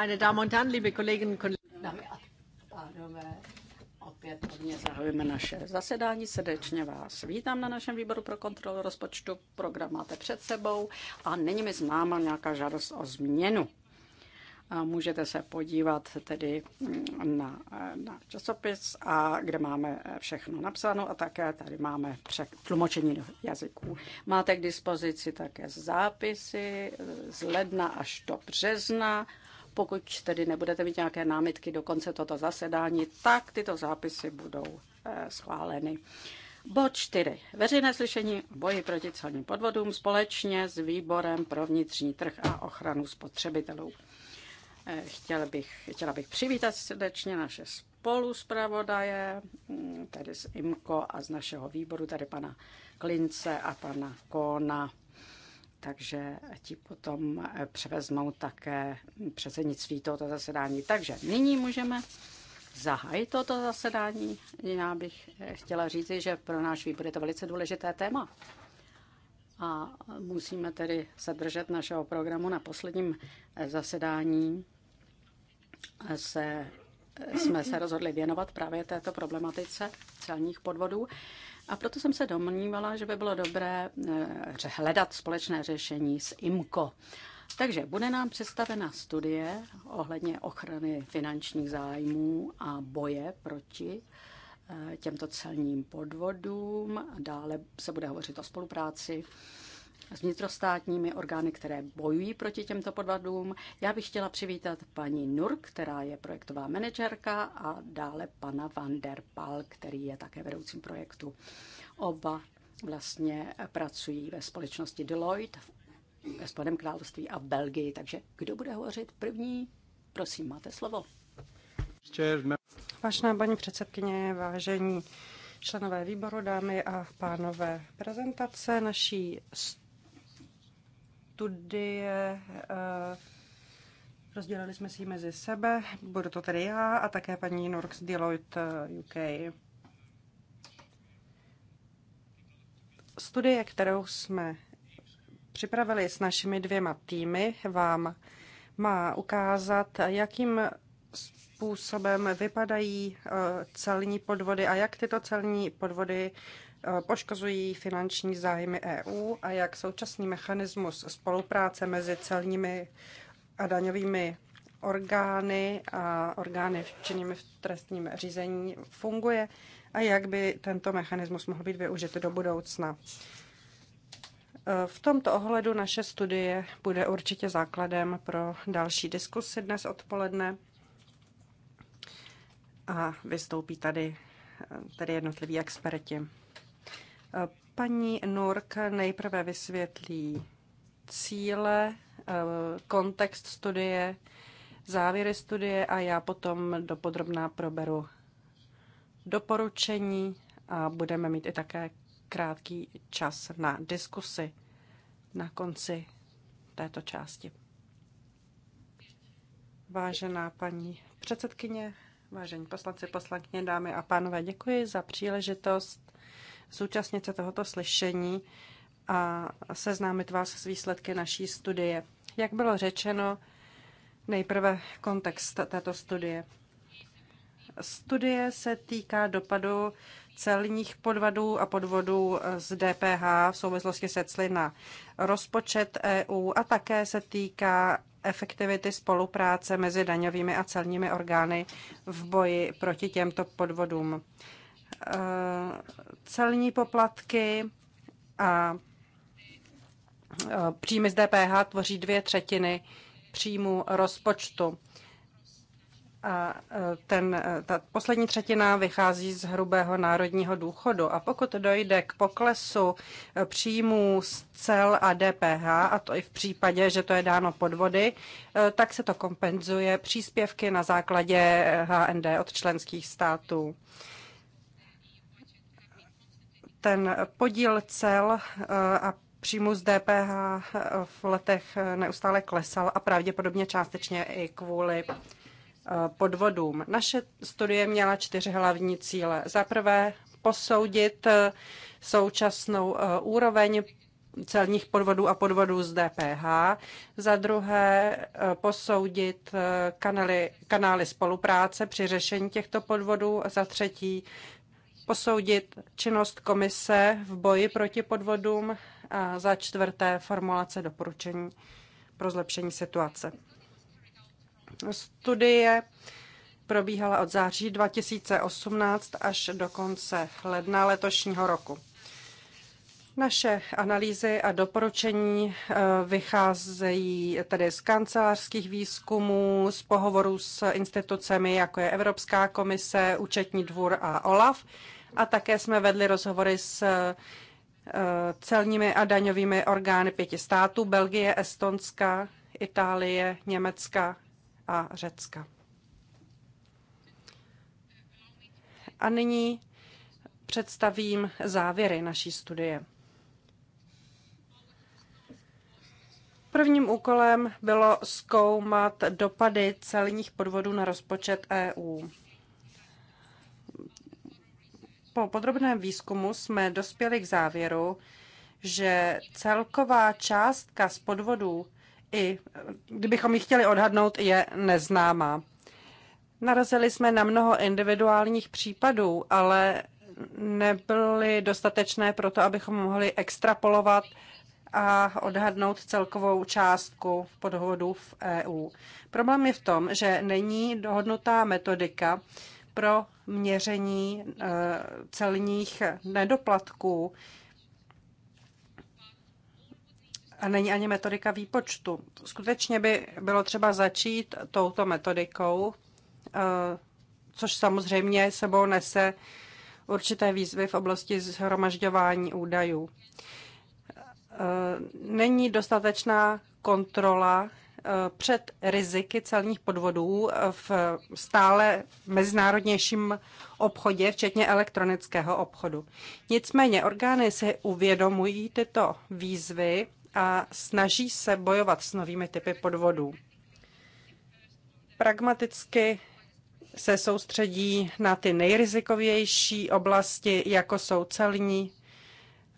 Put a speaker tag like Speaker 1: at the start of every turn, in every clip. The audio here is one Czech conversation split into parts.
Speaker 1: Meine Damen und Herren, liebe Kolleginnen und Kollegen. Pánové, zahajujeme naše zasedání. Srdečně vás vítám na našem výboru pro kontrolu rozpočtu. Program máte před sebou a není mi známa nějaká žádost o změnu. A můžete se podívat tedy mm, na, na časopis, a kde máme všechno napsáno a také tady máme přek, tlumočení do jazyků. Máte k dispozici také zápisy e, z ledna až do března pokud tedy nebudete mít nějaké námitky do konce toto zasedání, tak tyto zápisy budou eh, schváleny. Bod 4. Veřejné slyšení boji proti celním podvodům společně s výborem pro vnitřní trh a ochranu spotřebitelů. Eh, chtěl bych, chtěla bych přivítat srdečně naše spoluspravodaje, mm, tedy z IMKO a z našeho výboru, tady pana Klince a pana Kona takže ti potom eh, převezmou také předsednictví tohoto zasedání. Takže nyní můžeme zahájit toto zasedání. Já bych eh, chtěla říci, že pro náš výbor je to velice důležité téma. A musíme tedy se držet našeho programu. Na posledním eh, zasedání se, jsme se rozhodli věnovat právě této problematice celních podvodů. A proto jsem se domnívala, že by bylo dobré eh, hledat společné řešení s IMCO. Takže bude nám představena studie ohledně ochrany finančních zájmů a boje proti eh, těmto celním podvodům. Dále se bude hovořit o spolupráci s vnitrostátními orgány, které bojují proti těmto podvadům. Já bych chtěla přivítat paní Nurk, která je projektová manažerka a dále pana Van der Pal, který je také vedoucím projektu. Oba vlastně pracují ve společnosti Deloitte ve Spodem království a v Belgii. Takže kdo bude hovořit první? Prosím, máte slovo.
Speaker 2: Vážená paní předsedkyně, vážení členové výboru, dámy a pánové. Prezentace naší studie. Eh, rozdělili jsme si ji mezi sebe, budu to tedy já a také paní Norx Deloitte eh, UK. Studie, kterou jsme připravili s našimi dvěma týmy, vám má ukázat, jakým způsobem vypadají eh, celní podvody a jak tyto celní podvody Eh, poškozují finanční zájmy EU a jak současný mechanismus spolupráce mezi celními a daňovými orgány a orgány činnými v trestním řízení funguje a jak by tento mechanismus mohl být využit do budoucna. Eh, v tomto ohledu naše studie bude určitě základem pro další diskusy dnes odpoledne a vystoupí tady eh, tedy jednotliví experti. Paní Nurk nejprve vysvětlí cíle, eh, kontext studie, závěry studie a já potom dopodrobná proberu doporučení a budeme mít i také krátký čas na diskusy na konci této části. Vážená paní předsedkyně, vážení poslanci, poslankyně, dámy a pánové, děkuji za příležitost zúčastnit se tohoto slyšení a seznámit vás s výsledky naší studie. Jak bylo řečeno, nejprve kontext této studie. Studie se týká dopadu celních podvodů a podvodů z DPH v souvislosti se cly na rozpočet EU a také se týká efektivity spolupráce mezi daňovými a celními orgány v boji proti těmto podvodům celní poplatky a příjmy z DPH tvoří dvě třetiny příjmu rozpočtu. A ten, ta poslední třetina vychází z hrubého národního důchodu. A pokud dojde k poklesu příjmů z cel a DPH, a to i v případě, že to je dáno podvody, e, tak se to kompenzuje příspěvky na základě HND od členských států ten podíl cel eh, a příjmu z DPH eh, v letech eh, neustále klesal a pravděpodobně částečně i kvůli podvodům. Naše studie měla čtyři hlavní cíle. Za prvé posoudit současnou úroveň celních podvodů a podvodů z DPH, za druhé posoudit kanály, kanály spolupráce při řešení těchto podvodů, za třetí posoudit činnost komise v boji proti podvodům a za čtvrté formulace doporučení pro zlepšení situace. Studie probíhala od září 2018 až do konce ledna letošního roku. Naše analýzy a doporučení eh, vycházejí tedy z kancelářských výzkumů, z pohovorů s institucemi, jako je Evropská komise, Účetní dvůr a OLAF, a také jsme vedli rozhovory s eh, celními a daňovými orgány pěti států Belgie, Estonska, Itálie, Německa a Řecka. A nyní představím závěry naší studie. Prvním úkolem bylo zkoumat dopady celních podvodů na rozpočet EU. Po podrobném výzkumu jsme dospěli k závěru, že celková částka z podvodů, i kdybychom ji chtěli odhadnout, je neznámá. Narazili jsme na mnoho individuálních případů, ale nebyly dostatečné pro to, abychom mohli extrapolovat a odhadnout celkovou částku podvodů v EU. Problém je v tom, že není dohodnutá metodika, pro měření eh, celních nedoplatků. A není ani metodika výpočtu. Skutečně by bylo třeba začít touto metodikou, eh, což samozřejmě sebou nese určité výzvy v oblasti zhromažďování údajů. Eh, není dostatečná kontrola Eh, před riziky celních podvodů eh, v stále mezinárodnějším obchodě, včetně elektronického obchodu. Nicméně orgány si uvědomují tyto výzvy a snaží se bojovat s novými typy podvodů. Pragmaticky se soustředí na ty nejrizikovější oblasti, jako jsou celní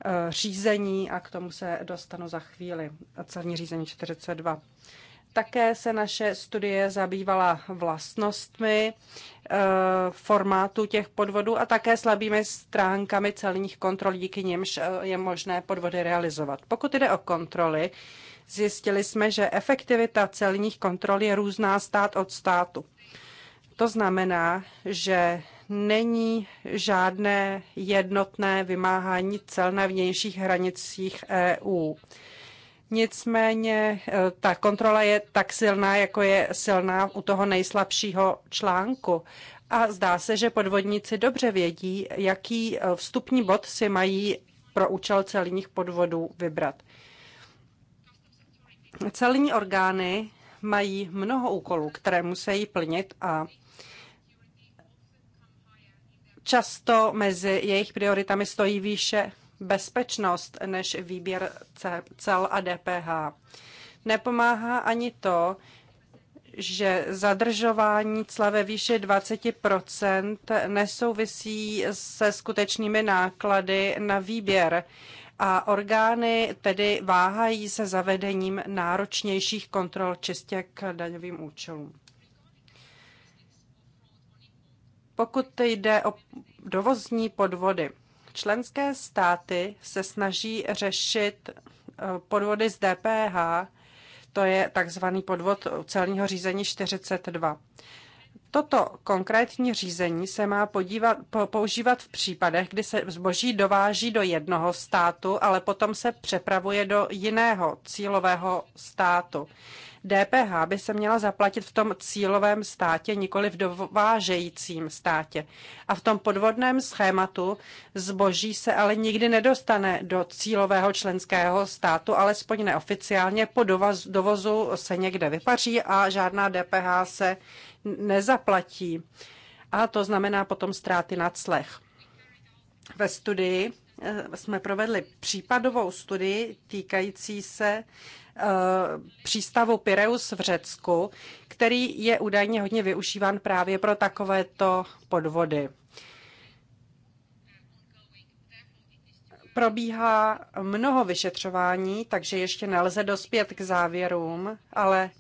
Speaker 2: eh, řízení a k tomu se dostanu za chvíli. Celní řízení 42. Také se naše studie zabývala vlastnostmi eh, formátu těch podvodů a také slabými stránkami celních kontrol, díky nimž eh, je možné podvody realizovat. Pokud jde o kontroly, zjistili jsme, že efektivita celních kontrol je různá stát od státu. To znamená, že není žádné jednotné vymáhání cel na vnějších hranicích EU. Nicméně eh, ta kontrola je tak silná, jako je silná u toho nejslabšího článku. A zdá se, že podvodníci dobře vědí, jaký eh, vstupní bod si mají pro účel celních podvodů vybrat. Celní orgány mají mnoho úkolů, které musí plnit a často mezi jejich prioritami stojí výše bezpečnost než výběr cel a DPH. Nepomáhá ani to, že zadržování cla ve výši 20 nesouvisí se skutečnými náklady na výběr a orgány tedy váhají se zavedením náročnějších kontrol čistě k daňovým účelům. Pokud jde o dovozní podvody, Členské státy se snaží řešit eh, podvody z DPH, to je takzvaný podvod celního řízení 42. Toto konkrétní řízení se má podívat, používat v případech, kdy se zboží dováží do jednoho státu, ale potom se přepravuje do jiného cílového státu. DPH by se měla zaplatit v tom cílovém státě, nikoli v dovážejícím státě. A v tom podvodném schématu zboží se ale nikdy nedostane do cílového členského státu, alespoň neoficiálně po dovozu se někde vypaří a žádná DPH se nezaplatí. A to znamená potom ztráty na clech. Ve studii eh, jsme provedli případovou studii týkající se Eh, přístavu Pireus v Řecku, který je údajně hodně využíván právě pro takovéto podvody. Probíhá mnoho vyšetřování, takže ještě nelze dospět k závěrům, ale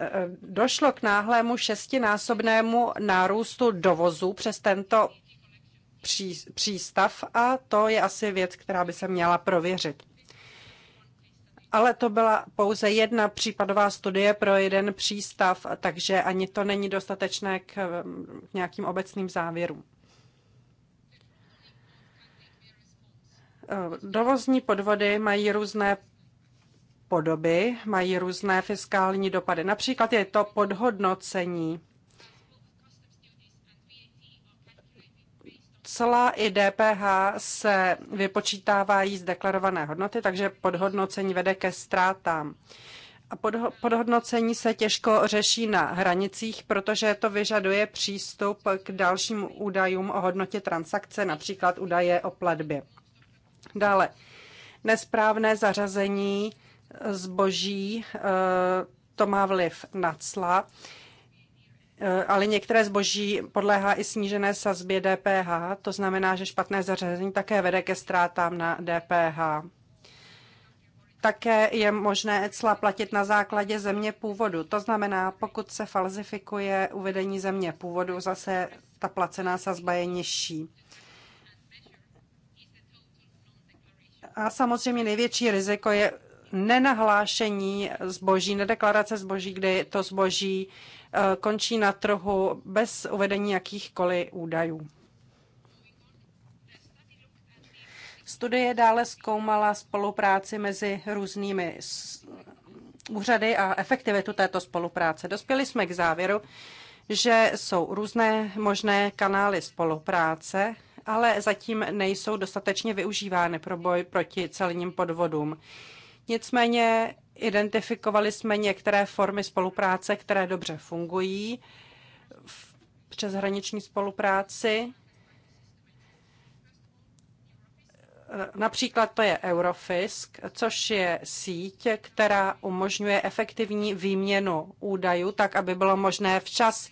Speaker 2: eh, došlo k náhlému šestinásobnému nárůstu dovozu přes tento přístav a to je asi věc, která by se měla prověřit ale to byla pouze jedna případová studie pro jeden přístav, takže ani to není dostatečné k um, nějakým obecným závěrům. Uh, dovozní podvody mají různé podoby, mají různé fiskální dopady. Například je to podhodnocení Cla i DPH se vypočítávají z deklarované hodnoty, takže podhodnocení vede ke ztrátám. A podhodnocení se těžko řeší na hranicích, protože to vyžaduje přístup k dalším údajům o hodnotě transakce, například údaje o platbě. Dále, nesprávné zařazení zboží, eh, to má vliv na cla. Eh, ale některé zboží podléhá i snížené sazbě DPH, to znamená, že špatné zařazení také vede ke ztrátám na DPH. Také je možné cla platit na základě země původu. To znamená, pokud se falzifikuje uvedení země původu, zase ta placená sazba je nižší. A samozřejmě největší riziko je nenahlášení zboží, nedeklarace zboží, kdy to zboží Eh, končí na trhu bez uvedení jakýchkoliv údajů. Studie dále zkoumala spolupráci mezi různými úřady a efektivitu této spolupráce. Dospěli jsme k závěru, že jsou různé možné kanály spolupráce, ale zatím nejsou dostatečně využívány pro boj proti celním podvodům. Nicméně Identifikovali jsme některé formy spolupráce, které dobře fungují v přeshraniční spolupráci. Například to je Eurofisk, což je síť, která umožňuje efektivní výměnu údajů, tak aby bylo možné včas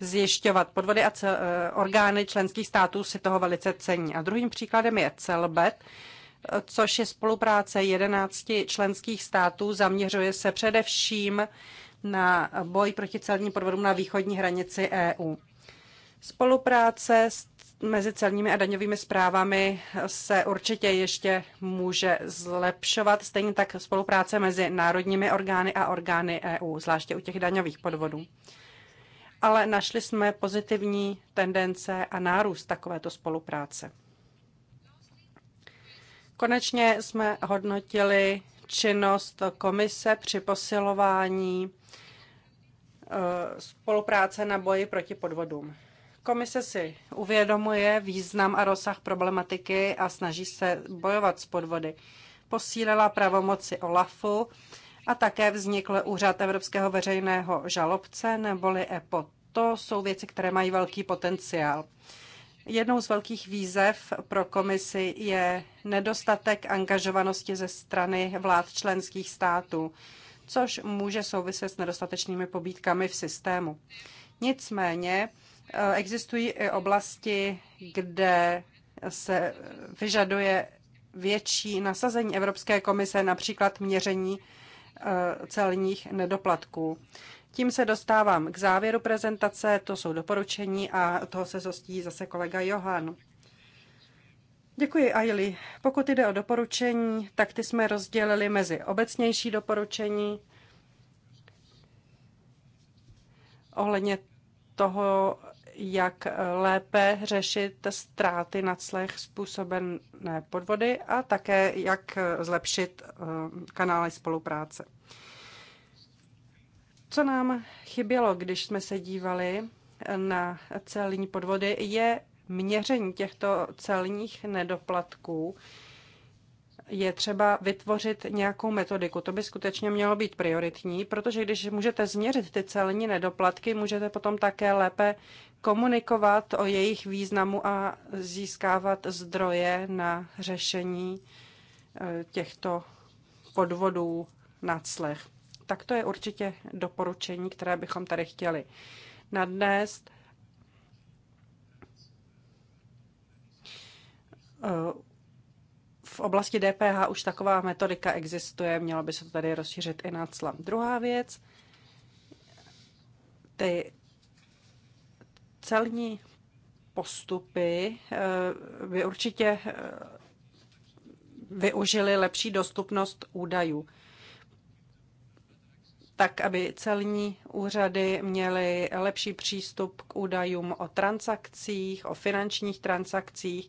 Speaker 2: zjišťovat podvody a eh, orgány členských států si toho velice cení. A druhým příkladem je Celbet, což je spolupráce 11 členských států. Zaměřuje se především na boj proti celním podvodům na východní hranici EU. Spolupráce s mezi celními a daňovými zprávami se určitě ještě může zlepšovat, stejně tak spolupráce mezi národními orgány a orgány EU, zvláště u těch daňových podvodů. Ale našli jsme pozitivní tendence a nárůst takovéto spolupráce. Konečně jsme hodnotili činnost komise při posilování e, spolupráce na boji proti podvodům. Komise si uvědomuje význam a rozsah problematiky a snaží se bojovat s podvody. Posílila pravomoci OLAFu a také vznikl Úřad Evropského veřejného žalobce neboli EPO. To jsou věci, které mají velký potenciál. Jednou z velkých výzev pro komisi je nedostatek angažovanosti ze strany vlád členských států, což může souviset s nedostatečnými pobídkami v systému. Nicméně eh, existují i oblasti, kde se vyžaduje větší nasazení Evropské komise, například měření eh, celních nedoplatků. Tím se dostávám k závěru prezentace, to jsou doporučení a toho se zostí zase kolega Johan. Děkuji, Aili. Pokud jde o doporučení, tak ty jsme rozdělili mezi obecnější doporučení ohledně toho, jak lépe řešit ztráty na clech způsobené podvody a také jak zlepšit eh, kanály spolupráce. Co nám chybělo, když jsme se dívali na celní podvody, je měření těchto celních nedoplatků. Je třeba vytvořit nějakou metodiku. To by skutečně mělo být prioritní, protože když můžete změřit ty celní nedoplatky, můžete potom také lépe komunikovat o jejich významu a získávat zdroje na řešení eh, těchto podvodů, clech. Tak to je určitě doporučení, které bychom tady chtěli nadnést. V oblasti DPH už taková metodika existuje, měla by se to tady rozšířit i na cla. Druhá věc, ty celní postupy eh, by určitě eh, využili lepší dostupnost údajů tak aby celní úřady měly lepší přístup k údajům o transakcích, o finančních transakcích,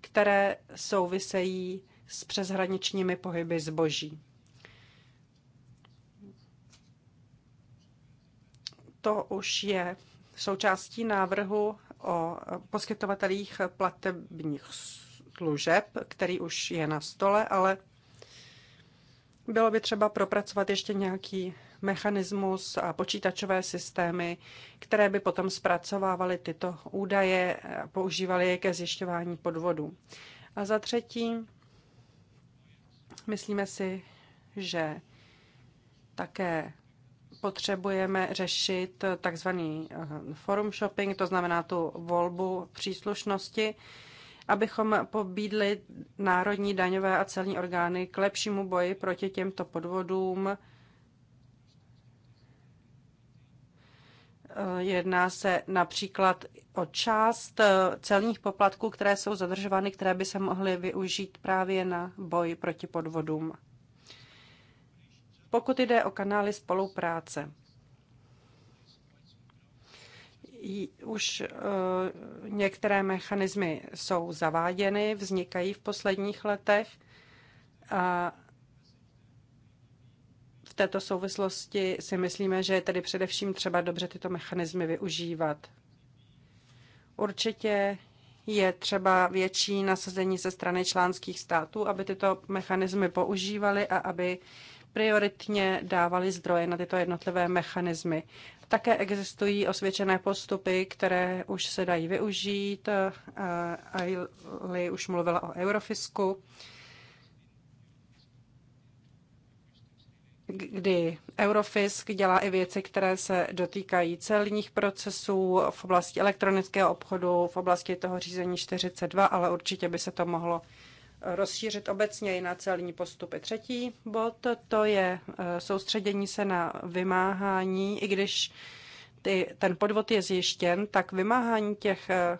Speaker 2: které souvisejí s přeshraničními pohyby zboží. To už je součástí návrhu o poskytovatelích platebních služeb, který už je na stole, ale bylo by třeba propracovat ještě nějaký mechanismus a počítačové systémy, které by potom zpracovávaly tyto údaje a používaly je ke zjišťování podvodů. A za třetí, myslíme si, že také potřebujeme řešit takzvaný eh, forum shopping, to znamená tu volbu příslušnosti, abychom pobídli národní daňové a celní orgány k lepšímu boji proti těmto podvodům, Eh, jedná se například o část eh, celních poplatků, které jsou zadržovány, které by se mohly využít právě na boj proti podvodům. Pokud jde o kanály spolupráce, už eh, některé mechanismy jsou zaváděny, vznikají v posledních letech a této souvislosti si myslíme, že je tedy především třeba dobře tyto mechanismy využívat. Určitě je třeba větší nasazení ze strany článských států, aby tyto mechanismy používali a aby prioritně dávali zdroje na tyto jednotlivé mechanismy. Také existují osvědčené postupy, které už se dají využít. Aili už mluvila o Eurofisku. kdy Eurofisk dělá i věci, které se dotýkají celních procesů v oblasti elektronického obchodu, v oblasti toho řízení 42, ale určitě by se to mohlo eh, rozšířit obecně i na celní postupy. Třetí bod to je eh, soustředění se na vymáhání, i když ty, ten podvod je zjištěn, tak vymáhání těch eh,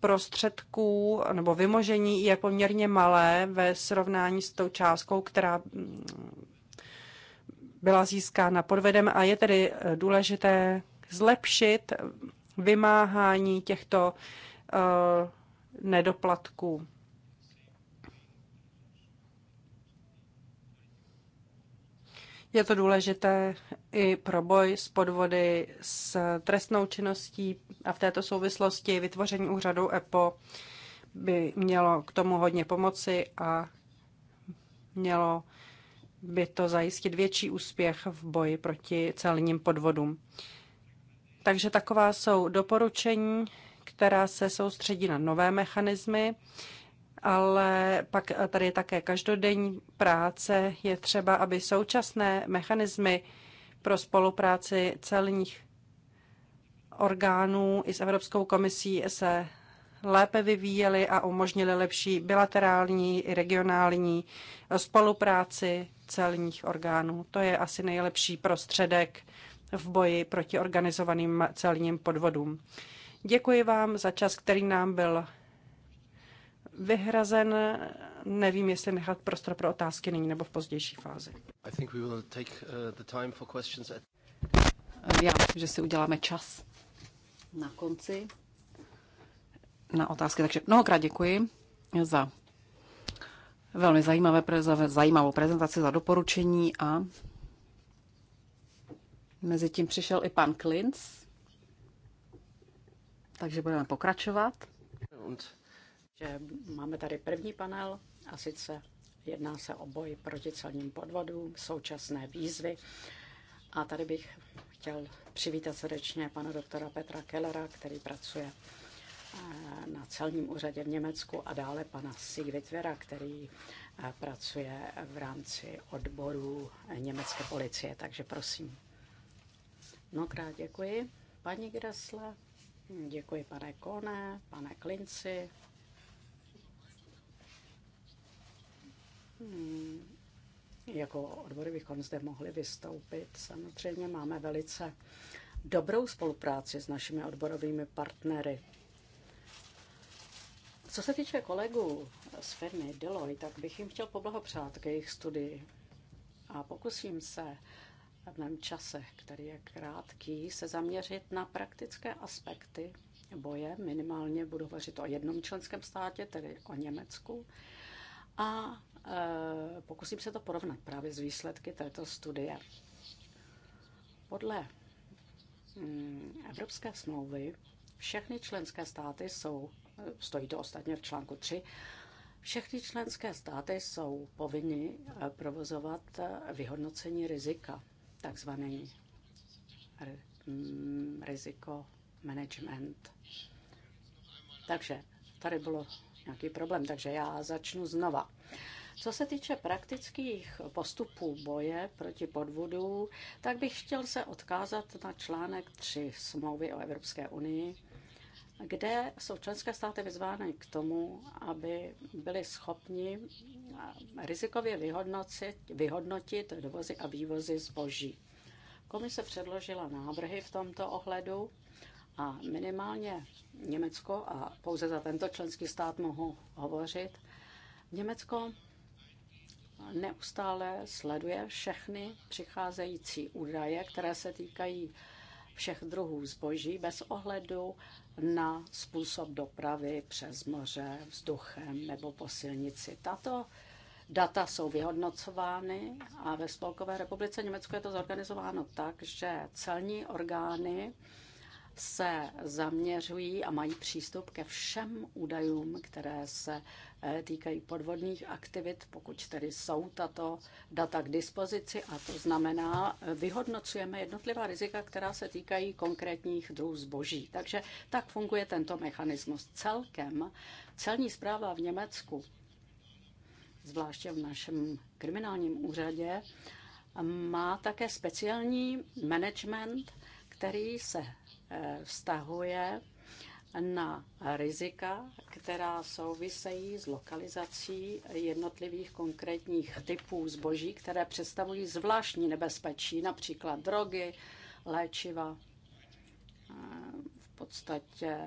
Speaker 2: prostředků nebo vymožení je poměrně malé ve srovnání s tou částkou, která mm, byla získána podvedem a je tedy eh, důležité zlepšit vymáhání těchto eh, nedoplatků. Je to důležité i pro boj s podvody s trestnou činností a v této souvislosti vytvoření úřadu EPO by mělo k tomu hodně pomoci a mělo by to zajistit větší úspěch v boji proti celním podvodům. Takže taková jsou doporučení, která se soustředí na nové mechanismy ale pak eh, tady je také každodenní práce. Je třeba, aby současné mechanismy pro spolupráci celních orgánů i s Evropskou komisí se lépe vyvíjely a umožnily lepší bilaterální i regionální eh, spolupráci celních orgánů. To je asi nejlepší prostředek v boji proti organizovaným celním podvodům. Děkuji vám za čas, který nám byl vyhrazen. Nevím, jestli nechat prostor pro otázky nyní nebo v pozdější fázi.
Speaker 3: Uh, eh,
Speaker 2: já, že si uděláme čas
Speaker 3: na konci na otázky. Takže mnohokrát děkuji za velmi zajímavé, za zajímavou prezentaci, za doporučení a mezi tím přišel i pan Klinc, takže budeme pokračovat.
Speaker 1: Und že máme tady první panel a sice jedná se o boj proti celním podvodům, současné výzvy. A tady bych chtěl přivítat srdečně pana doktora Petra Kellera, který pracuje eh, na celním úřadě v Německu a dále pana Sigvitvera, který eh, pracuje v rámci odboru německé policie. Takže prosím. Mnohokrát děkuji, paní Gresle, děkuji pane Kone, pane Klinci, Hmm. jako odbory bychom zde mohli vystoupit. Samozřejmě máme velice dobrou spolupráci s našimi odborovými partnery. Co se týče kolegů z firmy Deloitte, tak bych jim chtěl poblahopřát k jejich studii a pokusím se v mém čase, který je krátký, se zaměřit na praktické aspekty boje. Minimálně budu hovořit o jednom členském státě, tedy o Německu. A Eh, pokusím se to porovnat právě s výsledky této studie. Podle mm, Evropské smlouvy všechny členské státy jsou, eh, stojí to ostatně v článku 3, všechny členské státy jsou povinni eh, provozovat vyhodnocení rizika, takzvaný mm, riziko management. Takže tady bylo nějaký problém, takže já začnu znova. Co se týče praktických postupů boje proti podvodům, tak bych chtěl se odkázat na článek 3 smlouvy o Evropské unii, kde jsou členské státy vyzvány k tomu, aby byly schopni rizikově vyhodnotit, vyhodnotit dovozy a vývozy zboží. Komise předložila návrhy v tomto ohledu a minimálně Německo, a pouze za tento členský stát mohu hovořit, Německo neustále sleduje všechny přicházející údaje, které se týkají všech druhů zboží bez ohledu na způsob dopravy přes moře, vzduchem nebo po silnici. Tato data jsou vyhodnocovány a ve Spolkové republice Německo je to zorganizováno tak, že celní orgány se zaměřují a mají přístup ke všem údajům, které se eh, týkají podvodných aktivit, pokud tedy jsou tato data k dispozici. A to znamená, eh, vyhodnocujeme jednotlivá rizika, která se týkají konkrétních druhů zboží. Takže tak funguje tento mechanismus. Celkem celní zpráva v Německu, zvláště v našem kriminálním úřadě, má také speciální management, který se Eh, vztahuje na rizika, která souvisejí s lokalizací jednotlivých konkrétních typů zboží, které představují zvláštní nebezpečí, například drogy, léčiva. Eh, v podstatě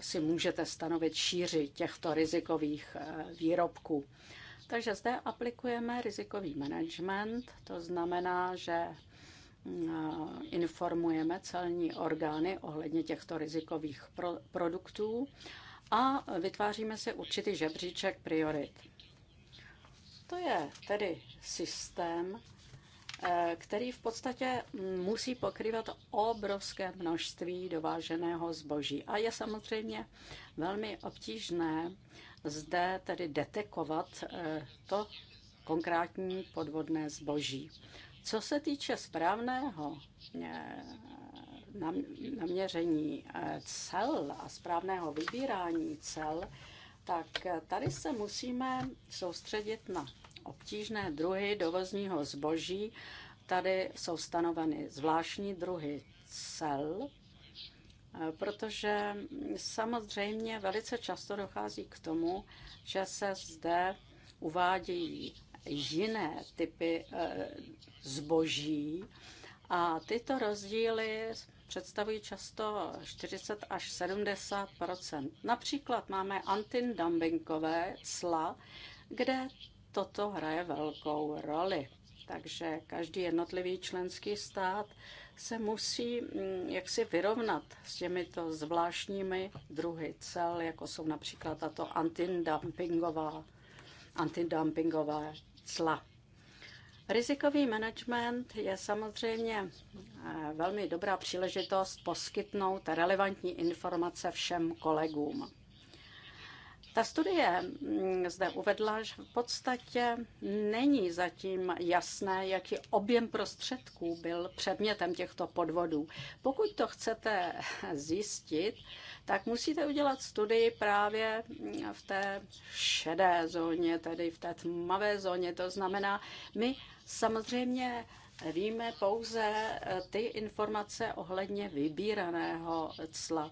Speaker 1: si můžete stanovit šíři těchto rizikových eh, výrobků. Takže zde aplikujeme rizikový management, to znamená, že informujeme celní orgány ohledně těchto rizikových pro- produktů a vytváříme si určitý žebříček priorit. To je tedy systém, eh, který v podstatě musí pokrývat obrovské množství dováženého zboží. A je samozřejmě velmi obtížné zde tedy detekovat eh, to konkrétní podvodné zboží. Co se týče správného eh, naměření eh, cel a správného vybírání cel, tak eh, tady se musíme soustředit na obtížné druhy dovozního zboží. Tady jsou stanoveny zvláštní druhy cel, protože samozřejmě velice často dochází k tomu, že se zde uvádějí jiné typy eh, zboží a tyto rozdíly představují často 40 až 70 Například máme antidumpingové cla, kde toto hraje velkou roli. Takže každý jednotlivý členský stát se musí mm, jaksi vyrovnat s těmito zvláštními druhy cel, jako jsou například tato antidumpingová, antidumpingové cla. Rizikový management je samozřejmě eh, velmi dobrá příležitost poskytnout relevantní informace všem kolegům. Ta studie mm, zde uvedla, že v podstatě není zatím jasné, jaký objem prostředků byl předmětem těchto podvodů. Pokud to chcete zjistit, tak musíte udělat studii právě mm, v té šedé zóně, tedy v té tmavé zóně. To znamená, my samozřejmě víme pouze e, ty informace ohledně vybíraného cla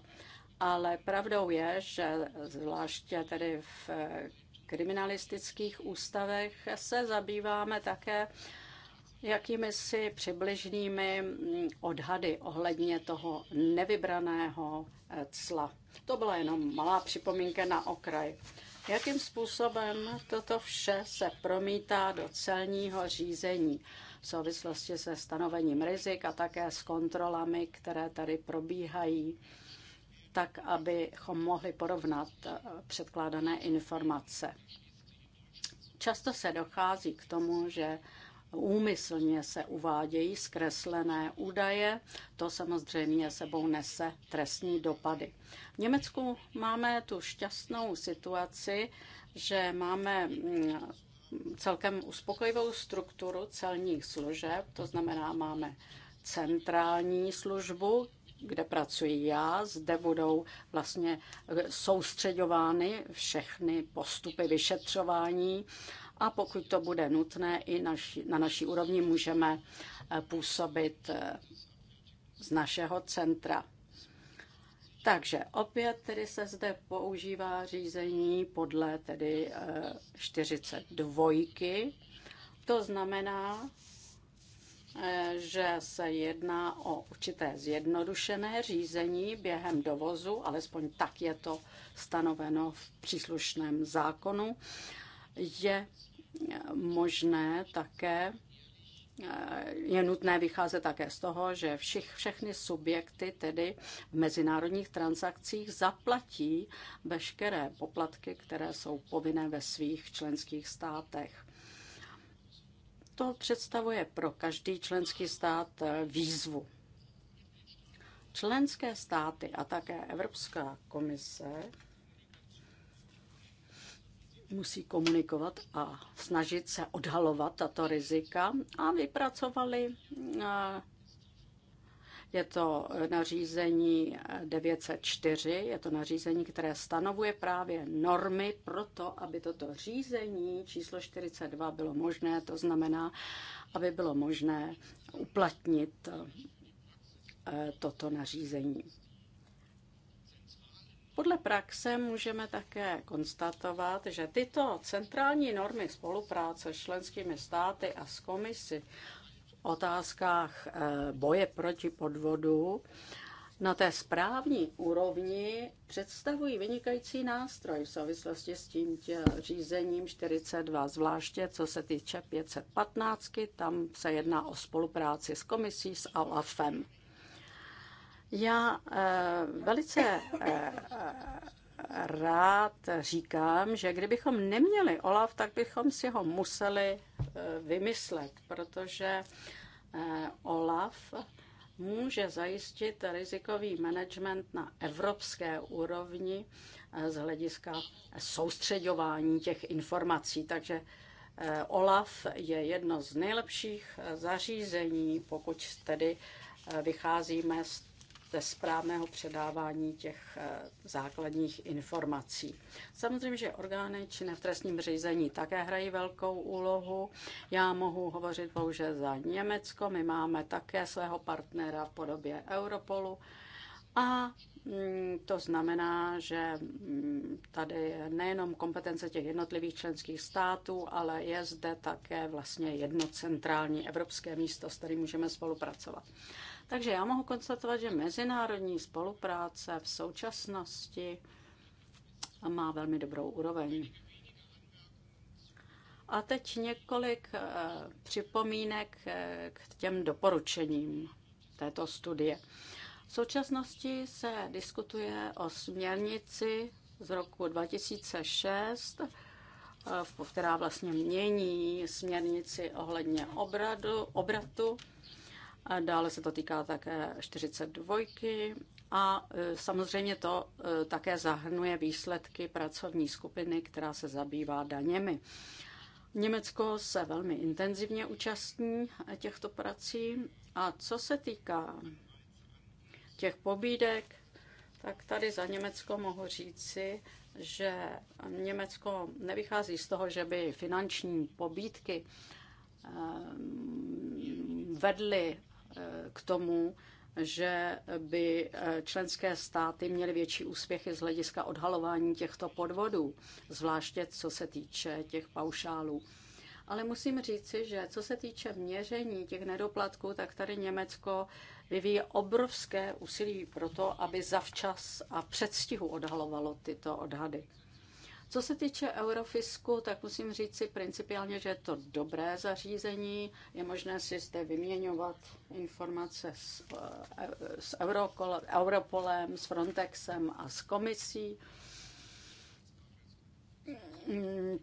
Speaker 1: ale pravdou je, že zvláště tedy v eh, kriminalistických ústavech se zabýváme také jakými si přibližnými mm, odhady ohledně toho nevybraného eh, cla. To byla jenom malá připomínka na okraj. Jakým způsobem toto vše se promítá do celního řízení v souvislosti se stanovením rizik a také s kontrolami, které tady probíhají tak abychom mohli porovnat eh, předkládané informace. Často se dochází k tomu, že úmyslně se uvádějí zkreslené údaje, to samozřejmě sebou nese trestní dopady. V Německu máme tu šťastnou situaci, že máme mm, celkem uspokojivou strukturu celních služeb, to znamená máme centrální službu, kde pracuji já, zde budou vlastně eh, soustředovány všechny postupy vyšetřování a pokud to bude nutné, i naši, na naší úrovni můžeme eh, působit eh, z našeho centra. Takže opět tedy se zde používá řízení podle tedy 42. To znamená, že se jedná o určité zjednodušené řízení během dovozu, alespoň tak je to stanoveno v příslušném zákonu. Je možné také je nutné vycházet také z toho, že všich, všechny subjekty tedy v mezinárodních transakcích zaplatí veškeré poplatky, které jsou povinné ve svých členských státech. To představuje pro každý členský stát eh, výzvu. Členské státy a také Evropská komise musí komunikovat a snažit se odhalovat tato rizika a vypracovali eh, je to nařízení 904, je to nařízení, které stanovuje právě normy pro to, aby toto řízení číslo 42 bylo možné, to znamená, aby bylo možné uplatnit eh, toto nařízení. Podle praxe můžeme také konstatovat, že tyto centrální normy spolupráce s členskými státy a s komisí otázkách eh, boje proti podvodu na té správní úrovni představují vynikající nástroj v souvislosti s tím řízením 42, zvláště co se týče 515, tam se jedná o spolupráci s komisí, s ALAFem. Já eh, velice eh, rád říkám, že kdybychom neměli OLAF, tak bychom si ho museli eh, vymyslet, protože eh, OLAF může zajistit rizikový management na evropské úrovni eh, z hlediska soustředování těch informací. Takže OLAF je jedno z nejlepších zařízení, pokud tedy vycházíme z zde správného předávání těch eh, základních informací. Samozřejmě, že orgány činné v trestním řízení také hrají velkou úlohu. Já mohu hovořit pouze za Německo, my máme také svého partnera v podobě Europolu. A mm, to znamená, že mm, tady nejenom kompetence těch jednotlivých členských států, ale je zde také vlastně jedno centrální evropské místo, s kterým můžeme spolupracovat. Takže já mohu konstatovat, že mezinárodní spolupráce v současnosti má velmi dobrou úroveň. A teď několik eh, připomínek eh, k těm doporučením této studie. V současnosti se diskutuje o směrnici z roku 2006, eh, která vlastně mění směrnici ohledně obradu, obratu a dále se to týká také 42. A e, samozřejmě to e, také zahrnuje výsledky pracovní skupiny, která se zabývá daněmi. Německo se velmi intenzivně účastní těchto prací. A co se týká těch pobídek, tak tady za Německo mohu říci, že Německo nevychází z toho, že by finanční pobídky ehm, vedly Eh, k tomu, že by eh, členské státy měly větší úspěchy z hlediska odhalování těchto podvodů, zvláště co se týče těch paušálů. Ale musím říci, že co se týče měření těch nedoplatků, tak tady Německo vyvíjí obrovské úsilí pro to, aby zavčas a předstihu odhalovalo tyto odhady. Co se týče Eurofisku, tak musím říct si principiálně, že je to dobré zařízení. Je možné si zde vyměňovat informace s, eh, s Europolem, s Frontexem a s komisí.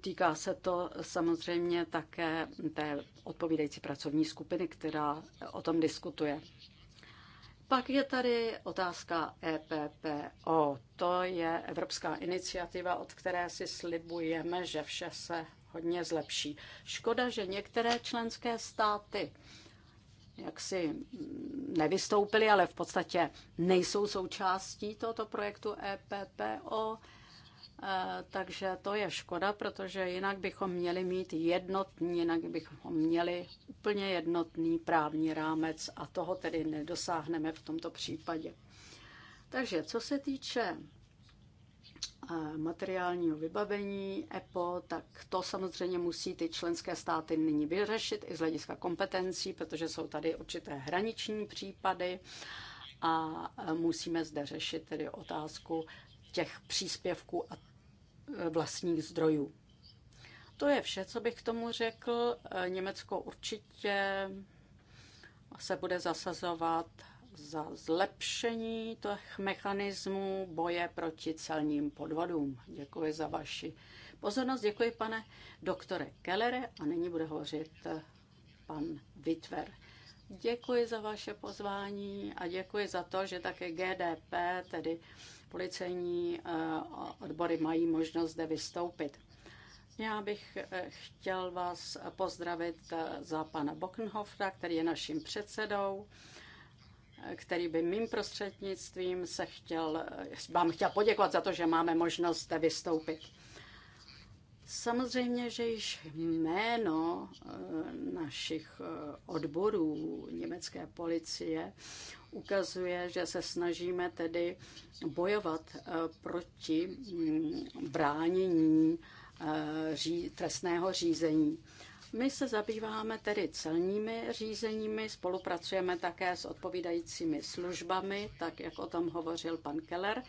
Speaker 1: Týká se to samozřejmě také té odpovídající pracovní skupiny, která o tom diskutuje. Pak je tady otázka EPPO. To je evropská iniciativa, od které si slibujeme, že vše se hodně zlepší. Škoda, že některé členské státy jak si nevystoupili, ale v podstatě nejsou součástí tohoto projektu EPPO. Eh, takže to je škoda, protože jinak bychom měli mít jednotný, jinak bychom měli úplně jednotný právní rámec a toho tedy nedosáhneme v tomto případě. Takže co se týče eh, materiálního vybavení EPO, tak to samozřejmě musí ty členské státy nyní vyřešit i z hlediska kompetencí, protože jsou tady určité hraniční případy a eh, musíme zde řešit tedy otázku těch příspěvků a e, vlastních zdrojů. To je vše, co bych k tomu řekl. E, Německo určitě se bude zasazovat za zlepšení těch mechanismů boje proti celním podvodům. Děkuji za vaši pozornost. Děkuji, pane doktore Kellere. A nyní bude hovořit e, pan Vitver. Děkuji za vaše pozvání a děkuji za to, že také GDP, tedy policejní eh, odbory mají možnost zde vystoupit. Já bych eh, chtěl vás pozdravit eh, za pana Bockenhofra, který je naším předsedou, který by mým prostřednictvím se chtěl, vám chtěl poděkovat za to, že máme možnost vystoupit. Samozřejmě, že již jméno našich odborů německé policie ukazuje, že se snažíme tedy bojovat eh, proti mm, bránění eh, trestného řízení. My se zabýváme tedy celními řízeními, spolupracujeme také s odpovídajícími službami, tak jak o tom hovořil pan Keller.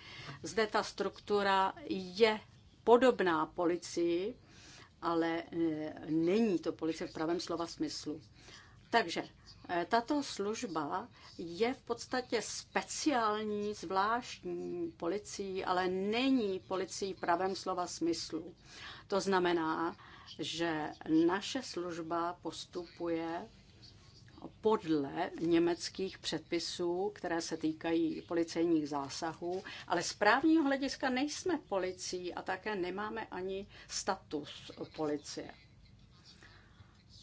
Speaker 1: Zde ta struktura je podobná policii, ale eh, není to policie v pravém slova smyslu. Takže tato služba je v podstatě speciální, zvláštní policií, ale není policií pravém slova smyslu. To znamená, že naše služba postupuje podle německých předpisů, které se týkají policejních zásahů, ale z právního hlediska nejsme policií a také nemáme ani status policie.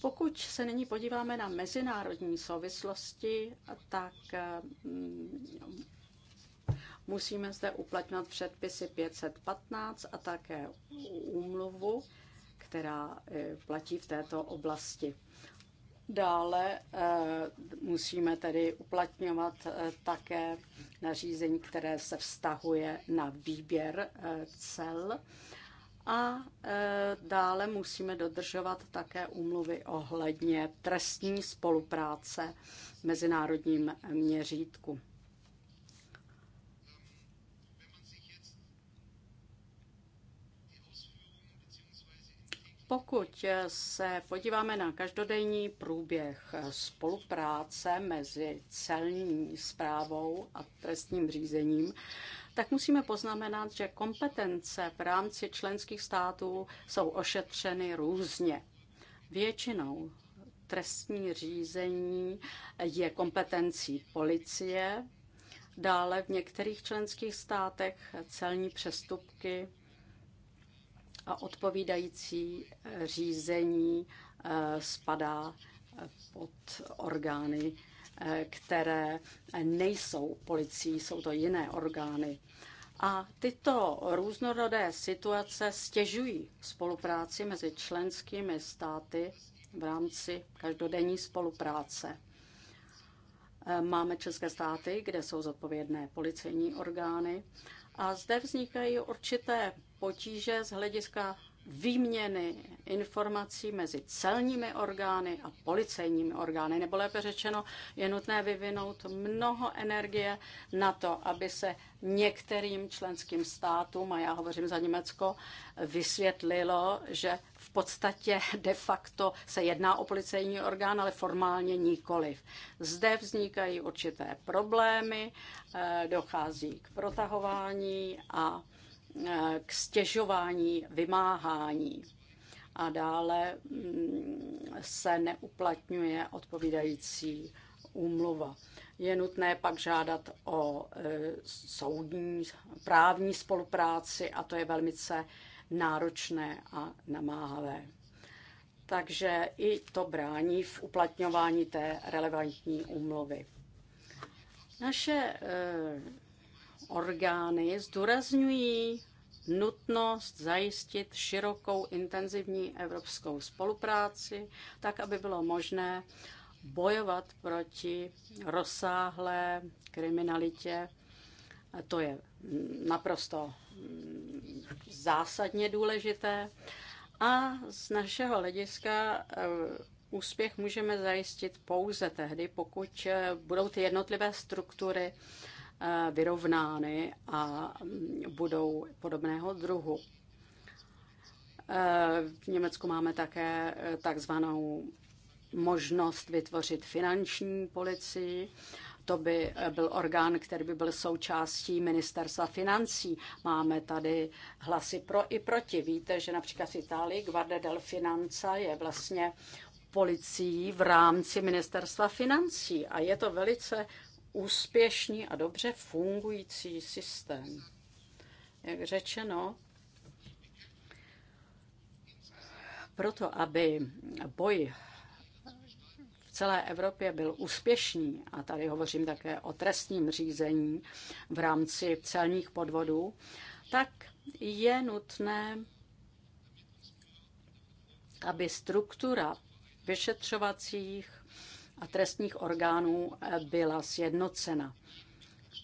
Speaker 1: Pokud se nyní podíváme na mezinárodní souvislosti, tak mm, musíme zde uplatňovat předpisy 515 a také úmluvu, která eh, platí v této oblasti. Dále eh, musíme tedy uplatňovat eh, také nařízení, které se vztahuje na výběr cel a e, dále musíme dodržovat také úmluvy ohledně trestní spolupráce v mezinárodním měřítku. Pokud se podíváme na každodenní průběh spolupráce mezi celní zprávou a trestním řízením, tak musíme poznamenat, že kompetence v rámci členských států jsou ošetřeny různě. Většinou trestní řízení je kompetencí policie, dále v některých členských státech celní přestupky a odpovídající řízení eh, spadá pod orgány které nejsou policií, jsou to jiné orgány. A tyto různorodé situace stěžují spolupráci mezi členskými státy v rámci každodenní spolupráce. Máme české státy, kde jsou zodpovědné policejní orgány a zde vznikají určité potíže z hlediska výměny informací mezi celními orgány a policejními orgány. Nebo lépe řečeno, je nutné vyvinout mnoho energie na to, aby se některým členským státům, a já hovořím za Německo, vysvětlilo, že v podstatě de facto se jedná o policejní orgán, ale formálně nikoliv. Zde vznikají určité problémy, eh, dochází k protahování a k stěžování, vymáhání a dále mm, se neuplatňuje odpovídající úmluva. Je nutné pak žádat o e, soudní právní spolupráci a to je velmi náročné a namáhavé. Takže i to brání v uplatňování té relevantní úmluvy. Naše e, orgány zdůrazňují nutnost zajistit širokou intenzivní evropskou spolupráci, tak aby bylo možné bojovat proti rozsáhlé kriminalitě. To je naprosto mm, zásadně důležité. A z našeho hlediska eh, úspěch můžeme zajistit pouze tehdy, pokud eh, budou ty jednotlivé struktury Eh, vyrovnány a mm, budou podobného druhu. Eh, v Německu máme také eh, takzvanou možnost vytvořit finanční policii. To by byl orgán, který by byl součástí ministerstva financí. Máme tady hlasy pro i proti. Víte, že například v Itálii Guarda del Finanza je vlastně policií v rámci ministerstva financí a je to velice úspěšný a dobře fungující systém. Jak řečeno, proto, aby boj v celé Evropě byl úspěšný, a tady hovořím také o trestním řízení v rámci celních podvodů, tak je nutné, aby struktura vyšetřovacích a trestních orgánů eh, byla sjednocena.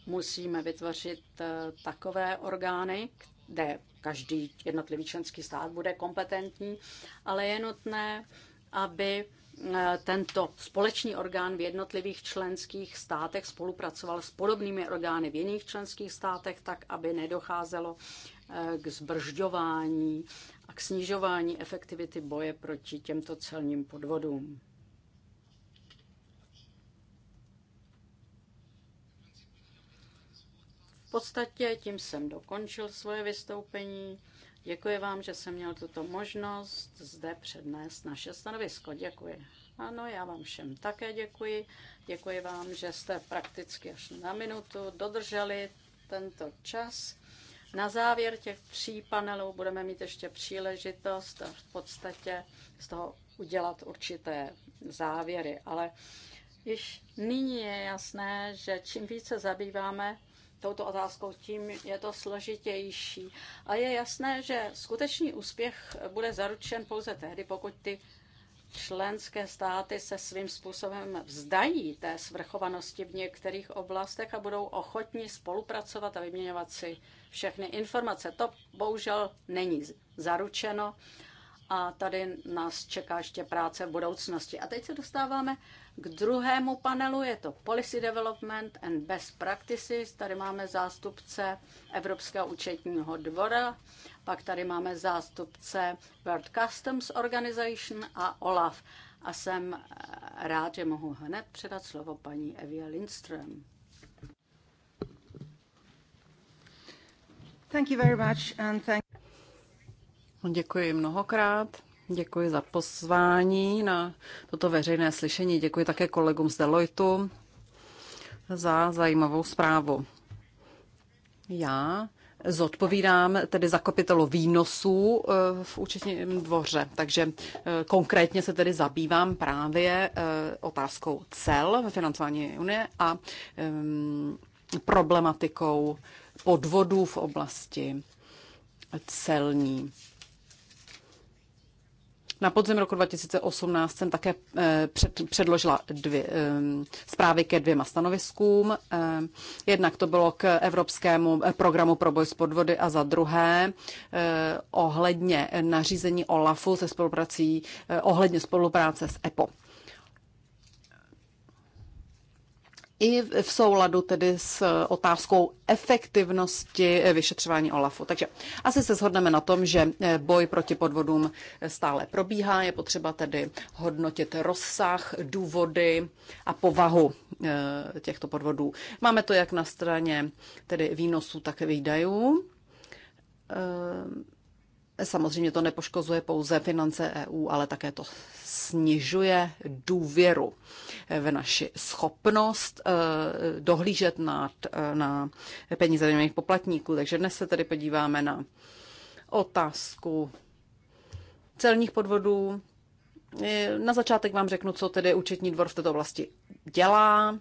Speaker 1: Musíme vytvořit eh, takové orgány, kde každý jednotlivý členský stát bude kompetentní, ale je nutné, aby eh, tento společný orgán v jednotlivých členských státech spolupracoval s podobnými orgány v jiných členských státech, tak aby nedocházelo k zbržďování a k snižování efektivity boje proti těmto celním podvodům. V podstatě tím jsem dokončil svoje vystoupení. Děkuji vám, že jsem měl tuto možnost zde přednést naše stanovisko. Děkuji. Ano, já vám všem také děkuji. Děkuji vám, že jste prakticky až na minutu dodrželi tento čas. Na závěr těch tří panelů budeme mít ještě příležitost v podstatě z toho udělat určité závěry, ale již nyní je jasné, že čím více zabýváme touto otázkou, tím je to složitější. A je jasné, že skutečný úspěch bude zaručen pouze tehdy, pokud ty členské státy se svým způsobem vzdají té svrchovanosti v některých oblastech a budou ochotní spolupracovat a vyměňovat si všechny informace. To bohužel není zaručeno a tady nás čeká ještě práce v budoucnosti. A teď se dostáváme k druhému panelu, je to Policy Development and Best Practices. Tady máme zástupce Evropského účetního dvora, pak tady máme zástupce World Customs Organization a OLAF. A jsem eh, rád, že mohu hned předat slovo paní Evie Lindström.
Speaker 2: Thank you very much and thank
Speaker 3: Děkuji mnohokrát. Děkuji za pozvání na toto veřejné slyšení. Děkuji také kolegům z Deloitu za zajímavou zprávu. Já zodpovídám tedy za kapitolu výnosů eh, v účetním dvoře. Takže eh, konkrétně se tedy zabývám právě eh, otázkou cel ve financování Unie a ehm, problematikou podvodů v oblasti celní. Na podzim roku 2018 jsem také eh, předložila dvě, eh, zprávy ke dvěma stanoviskům. Eh, jednak to bylo k Evropskému programu pro boj s podvody a za druhé ohledně nařízení OLAFu se spoluprací, ohledně spolupráce s EPO. i v souladu tedy s eh, otázkou efektivnosti eh, vyšetřování OLAFu. Takže asi se shodneme na tom, že eh, boj proti podvodům stále probíhá, je potřeba tedy hodnotit rozsah, důvody a povahu těchto podvodů. Máme to jak na straně tedy výnosů, tak výdajů Samozřejmě to nepoškozuje pouze finance EU, ale také to snižuje důvěru v naši schopnost eh, dohlížet nad, eh, na peníze daňových poplatníků. Takže dnes se tedy podíváme na otázku celních podvodů. Eh, na začátek vám řeknu, co tedy účetní dvor v této oblasti dělá.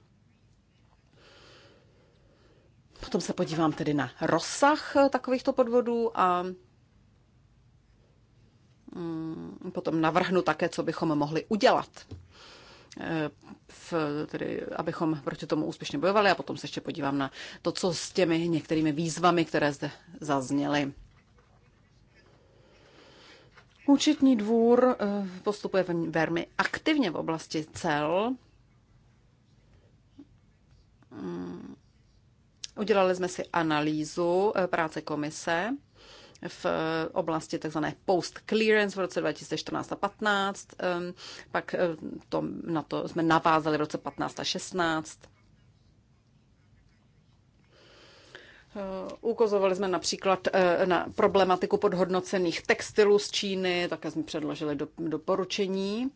Speaker 3: Potom se podívám tedy na rozsah takovýchto podvodů a Mm, potom navrhnu také, co bychom mohli udělat. Eh, v, tedy, abychom proti tomu úspěšně bojovali a potom se ještě podívám na to, co s těmi některými výzvami, které zde zazněly. Účetní dvůr eh, postupuje velmi aktivně v oblasti cel. Mm, udělali jsme si analýzu eh, práce komise v eh, oblasti tzv. post clearance v roce 2014 a 15, pak eh, to, na to jsme navázali v roce 15 a 16. Eh, ukazovali jsme například na problematiku podhodnocených textilů z Číny, také jsme předložili do, doporučení,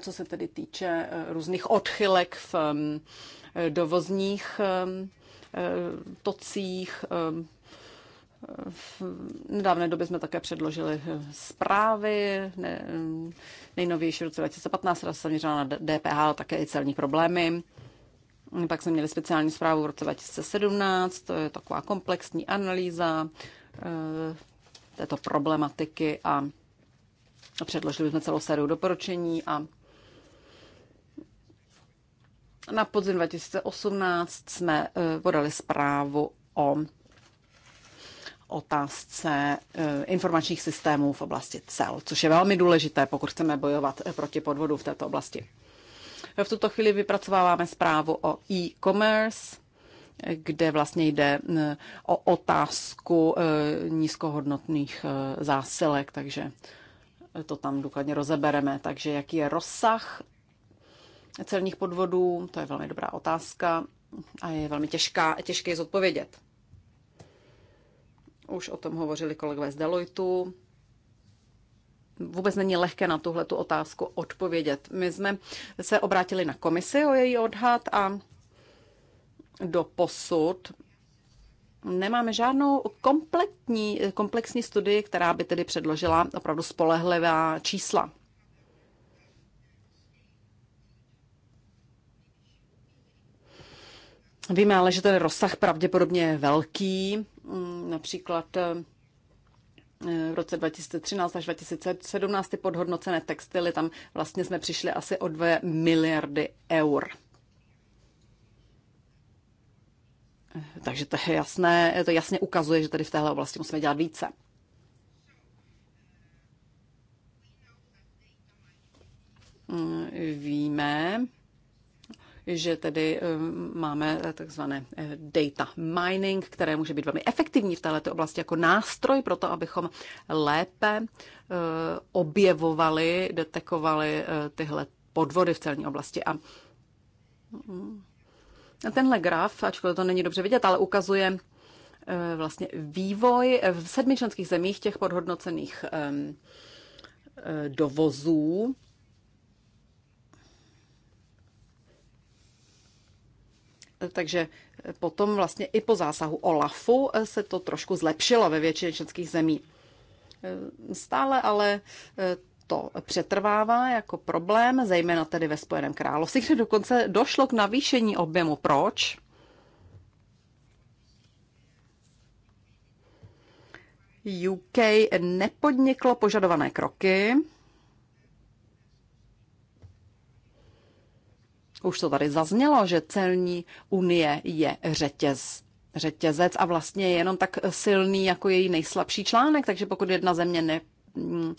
Speaker 3: co se tedy týče různých odchylek v dovozních tocích, v nedávné době jsme také předložili zprávy, ne, nejnovější roce 2015, která se zaměřila na DPH, ale také i celní problémy. Pak jsme měli speciální zprávu v roce 2017, to je taková komplexní analýza e, této problematiky a předložili jsme celou sérii doporučení a na podzim 2018 jsme eh, podali zprávu o otázce eh, informačních systémů v oblasti cel, což je velmi důležité, pokud chceme bojovat eh, proti podvodu v této oblasti. V tuto chvíli vypracováváme zprávu o e-commerce, kde vlastně jde eh, o otázku nízkohodnotných zásilek, takže to tam důkladně rozebereme. Takže jaký je rozsah celních podvodů, to je velmi dobrá otázka a je velmi těžká, těžké zodpovědět. Už o tom hovořili kolegové z Deloitu. Vůbec není lehké na tuhle tu otázku odpovědět. My jsme se obrátili na komisi o její odhad a do posud nemáme žádnou kompletní, komplexní studii, která by tedy předložila opravdu spolehlivá čísla. Víme ale, že ten rozsah pravděpodobně je velký. Mm, například eh, v roce 2013 až 2017 ty podhodnocené textily, tam vlastně jsme přišli asi o 2 miliardy eur. Takže to je jasné, to jasně ukazuje, že tady v téhle oblasti musíme dělat více. Mm, víme, že tedy eh, máme eh, takzvané eh, data mining, které může být velmi efektivní v této oblasti jako nástroj pro to, abychom lépe objevovali, detekovali tyhle podvody v celní oblasti. Mm, a tenhle graf, ačkoliv to není dobře vidět, ale ukazuje vlastně vývoj v sedmičlenských zemích těch podhodnocených dovozů Takže potom vlastně i po zásahu OLAFu eh, se to trošku zlepšilo ve většině členských zemí. Eh, stále ale eh, to přetrvává jako problém, zejména tedy ve Spojeném království, kde dokonce došlo k navýšení objemu. Proč? UK nepodniklo požadované kroky Už to tady zaznělo, že celní unie je řetěz řetězec a vlastně je jenom tak silný jako její nejslabší článek, takže pokud jedna země ne, mm,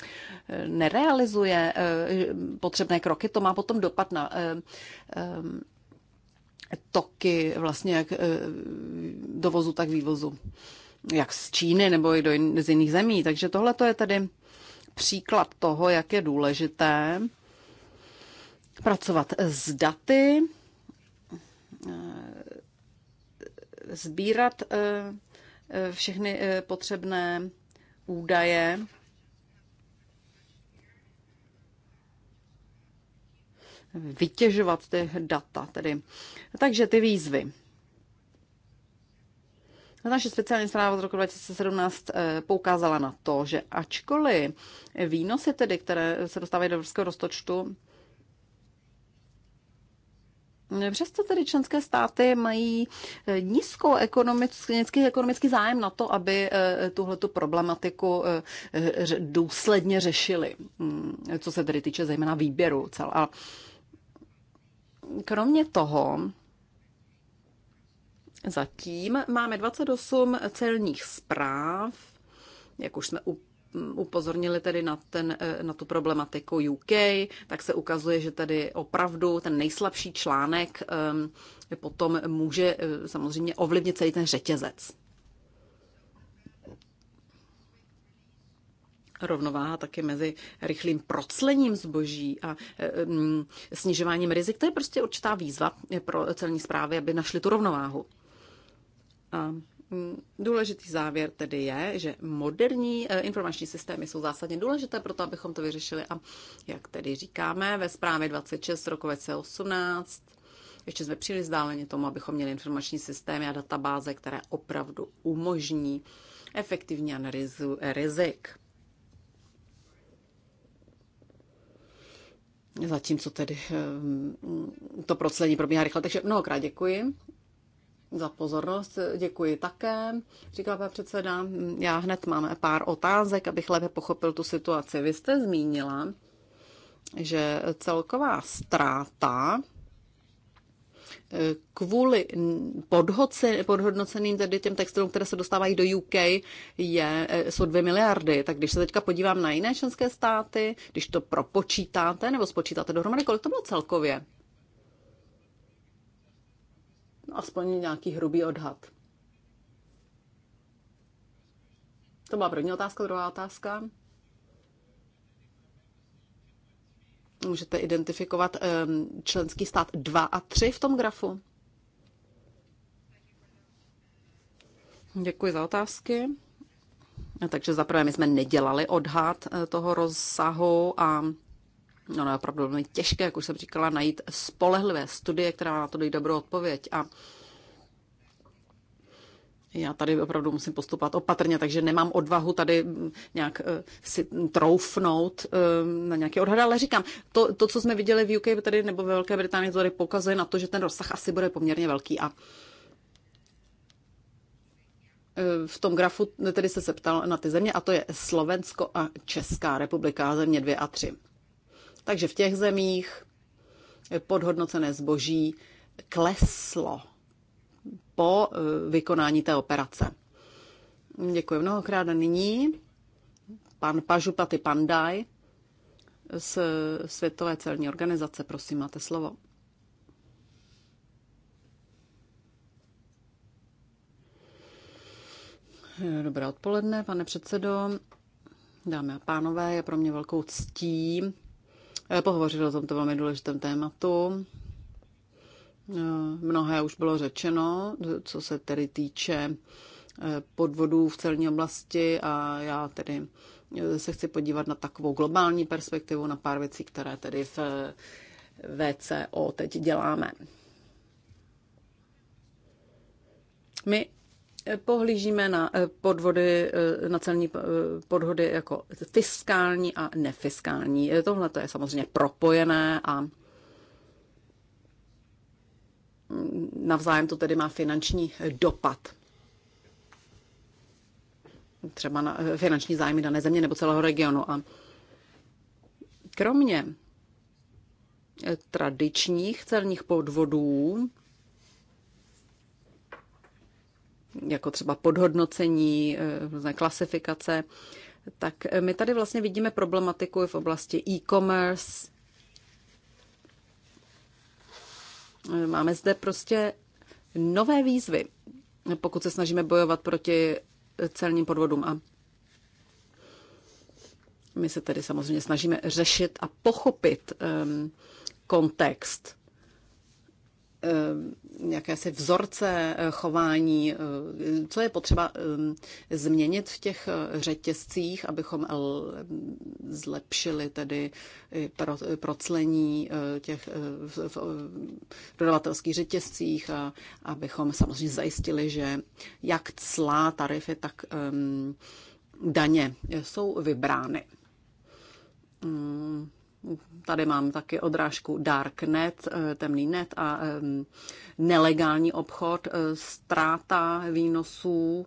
Speaker 3: nerealizuje eh, potřebné kroky, to má potom dopad na eh, eh, toky vlastně jak dovozu, tak vývozu. Jak z Číny nebo i do z jiných zemí. Takže tohle to je tady příklad toho, jak je důležité pracovat s daty, eh, sbírat eh, eh, všechny potřebné údaje. vytěžovat ty data. Tedy. Takže ty výzvy. Naše speciální zpráva z roku 2017 poukázala na to, že ačkoliv výnosy, tedy, které se dostávají do evropského rozpočtu, Přesto tedy členské státy mají eh, nízkou ekonomický, ekonomický zájem na to, aby eh, tuhleto problematiku eh, důsledně řešili, mm, co se tedy týče zejména výběru cel. A kromě toho, zatím máme 28 celních zpráv, jak už jsme u upozornili tedy na, ten, eh, na tu problematiku UK, tak se ukazuje, že tady opravdu ten nejslabší článek ehm, potom může eh, samozřejmě ovlivnit celý ten řetězec. rovnováha taky mezi rychlým proclením zboží a eh, ehm, snižováním rizik. To je prostě určitá výzva pro celní zprávy, aby našli tu rovnováhu. A Důležitý závěr tedy je, že moderní eh, informační systémy jsou zásadně důležité pro to, abychom to vyřešili. A jak tedy říkáme ve zprávě 26 roku 2018, ještě jsme příliš vzdáleni tomu, abychom měli informační systémy a databáze, které opravdu umožní efektivní analýzu rizik. Zatímco tedy eh, to proclení probíhá rychle. Takže mnohokrát děkuji za pozornost. Děkuji také, Říkala pan předseda. Já hned mám pár otázek, abych lépe pochopil tu situaci. Vy jste zmínila, že celková ztráta eh, kvůli podhodnoceným tedy těm textilům, které se dostávají do UK, je, eh, jsou dvě miliardy. Tak když se teďka podívám na jiné členské státy, když to propočítáte nebo spočítáte dohromady, kolik to bylo celkově? aspoň nějaký hrubý odhad. To má první otázka, druhá otázka. Můžete identifikovat ehm, členský stát 2 a 3 v tom grafu. Děkuji za otázky. Takže zaprvé my jsme nedělali odhad eh, toho rozsahu a Ono no, je opravdu velmi těžké, jak už jsem říkala, najít spolehlivé studie, která na to dají dobrou odpověď. A já tady opravdu musím postupovat opatrně, takže nemám odvahu tady mm, nějak eh, si troufnout eh, na nějaké odhady, ale říkám, to, to, co jsme viděli v UK tady, nebo ve Velké Británii, to tady pokazuje na to, že ten rozsah asi bude poměrně velký. A eh, v tom grafu tedy se septal na ty země, a to je Slovensko a Česká republika, země 2 a 3. Takže v těch zemích podhodnocené zboží kleslo po eh, vykonání té operace. Děkuji mnohokrát. A nyní pan Pažupaty Pandaj z Světové celní organizace. Prosím, máte slovo. Dobré odpoledne, pane předsedo. Dámy a pánové, je pro mě velkou ctí Eh, pohovořil o tomto velmi důležitém tématu. Eh, mnohé už bylo řečeno, co se tedy týče eh, podvodů v celní oblasti a já tedy se chci podívat na takovou globální perspektivu, na pár věcí, které tedy v VCO teď děláme. My Pohlížíme na eh, podvody, eh, na celní eh, podvody jako fiskální a nefiskální. Tohle to je samozřejmě propojené a mm, navzájem to tedy má finanční dopad. Třeba na finanční zájmy dané země nebo celého regionu. A kromě tradičních celních podvodů jako třeba podhodnocení, eh, různé klasifikace, tak eh, my tady vlastně vidíme problematiku v oblasti e-commerce. Eh, máme zde prostě nové výzvy, pokud se snažíme bojovat proti celním podvodům. A my se tedy samozřejmě snažíme řešit a pochopit um, kontext Eh, jakési vzorce eh, chování, eh, co je potřeba změnit v těch řetězcích, abychom zlepšili tedy proclení těch v dodavatelských řetězcích a abychom samozřejmě zajistili, že jak clá tarify, tak ehm, daně jsou vybrány. Hmm. Tady mám taky odrážku Darknet, eh, temný net a nelegální obchod, eh, ztráta výnosů.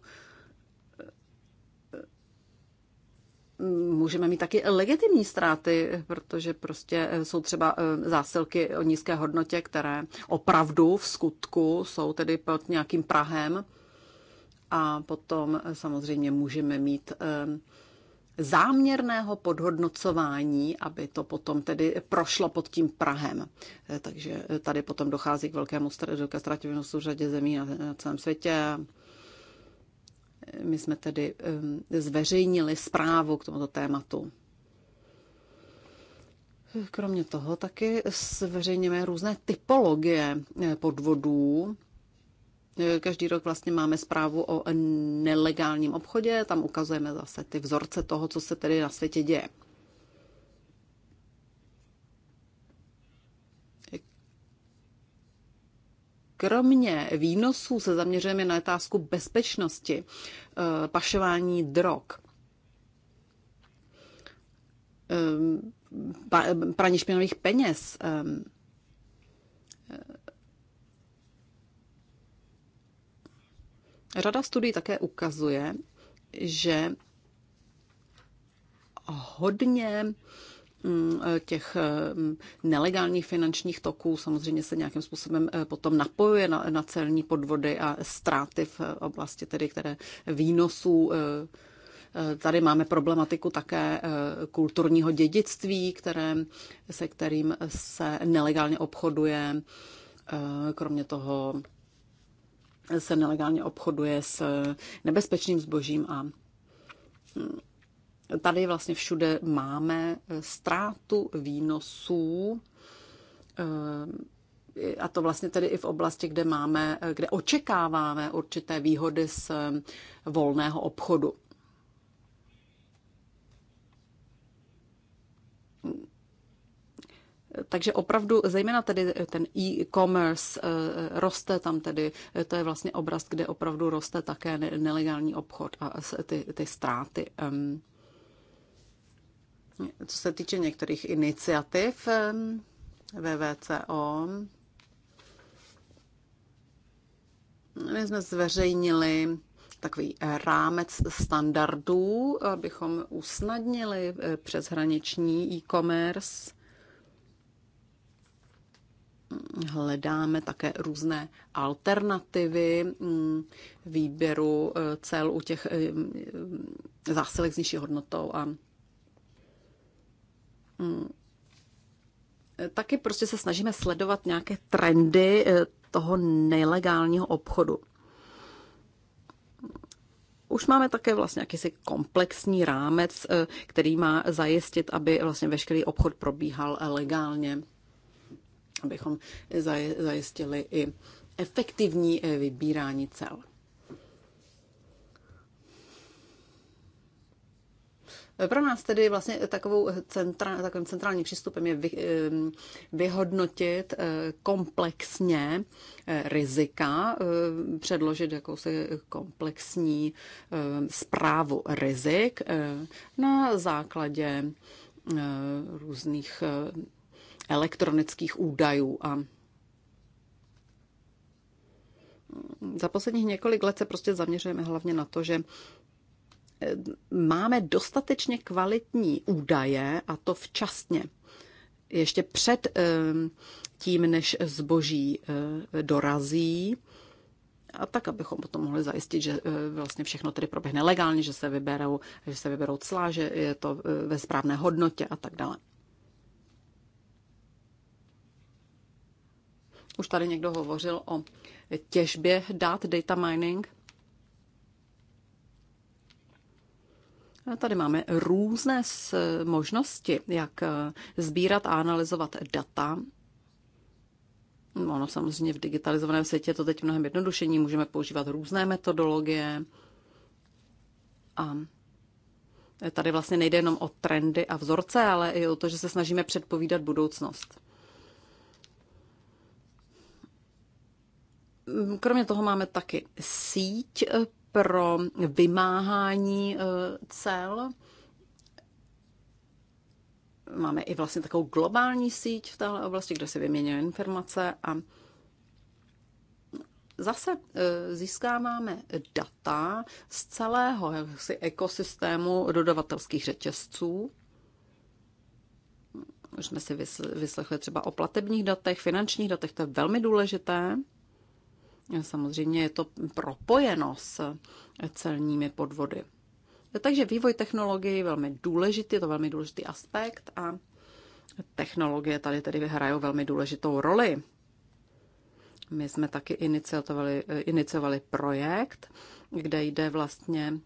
Speaker 3: Můžeme mít taky legitimní ztráty, protože prostě eh, jsou třeba zásilky o nízké hodnotě, které opravdu v skutku jsou tedy pod nějakým prahem. A potom samozřejmě můžeme mít záměrného podhodnocování, aby to potom tedy prošlo pod tím Prahem. Eh, takže eh, tady potom dochází k velkému ztrativosti v řadě zemí na celém světě. Eh, my jsme tedy zveřejnili zprávu k tomuto tématu. Kromě toho taky zveřejněme různé typologie podvodů, Každý rok vlastně máme zprávu o nelegálním obchodě, tam ukazujeme zase ty vzorce toho, co se tedy na světě děje. Kromě výnosů se zaměřujeme na otázku bezpečnosti, eh, pašování drog, ehm, praní špinavých peněz, ehm, Řada studií také ukazuje, že hodně mm, těch mm, nelegálních finančních toků samozřejmě se nějakým způsobem eh, potom napojuje na, na celní podvody a ztráty v eh, oblasti tedy, které výnosů. Eh, tady máme problematiku také kulturního dědictví, které, se kterým se nelegálně obchoduje. Kromě toho se nelegálně obchoduje s eh, nebezpečným zbožím a hm, tady vlastně všude máme eh, ztrátu výnosů eh, a to vlastně tedy i v oblasti, kde máme, kde očekáváme určité výhody z volného obchodu. Takže opravdu, zejména tedy ten e-commerce eh, roste tam tedy, eh, to je vlastně obraz, kde opravdu roste také nelegální obchod a ty, ty ztráty. Co se týče některých iniciativ VVCO, my jsme zveřejnili takový rámec standardů, abychom usnadnili eh, přeshraniční e-commerce hledáme také různé alternativy mm, výběru eh, cel u těch eh, mm, zásilek s nižší hodnotou a mm, taky prostě se snažíme sledovat nějaké trendy eh, toho nelegálního obchodu. Už máme také vlastně jakýsi komplexní rámec, který má zajistit, aby vlastně veškerý obchod probíhal legálně abychom zajistili i efektivní eh, vybírání cel. Pro nás tedy vlastně takovou centra, takovým centrálním přístupem je vy, vyhodnotit eh, komplexně eh, rizika, předložit jakousi komplexní zprávu rizik na základě různých elektronických údajů a za posledních několik let se prostě zaměřujeme hlavně na to, že eh, máme dostatečně kvalitní údaje a to včasně. Ještě před eh, tím, než zboží eh, dorazí, a tak, abychom potom mohli zajistit, že vlastně všechno tedy proběhne legálně, že se vyberou, že se vyberou cla, že je to ve správné hodnotě a tak dále. Už tady někdo hovořil o těžbě dat, data mining. A tady máme různé eh, možnosti, jak eh, sbírat a analyzovat data. No, ono samozřejmě v digitalizovaném světě je to teď mnohem jednodušení, můžeme používat různé metodologie. A tady vlastně nejde jenom o trendy a vzorce, ale i o to, že se snažíme předpovídat budoucnost. Kromě toho máme taky síť eh, pro vymáhání eh, cel. Máme i vlastně takovou globální síť v téhle oblasti, kde se vyměňují informace a zase eh, získáváme data z celého jaksi, ekosystému dodavatelských řetězců. Už jsme si vyslechli třeba o platebních datech, finančních datech, to je velmi důležité. Samozřejmě je to propojeno s celními podvody. Takže vývoj technologií je velmi důležitý, je to velmi důležitý aspekt a technologie tady tedy vyhrajou velmi důležitou roli. My jsme taky iniciovali, iniciovali projekt, kde jde vlastně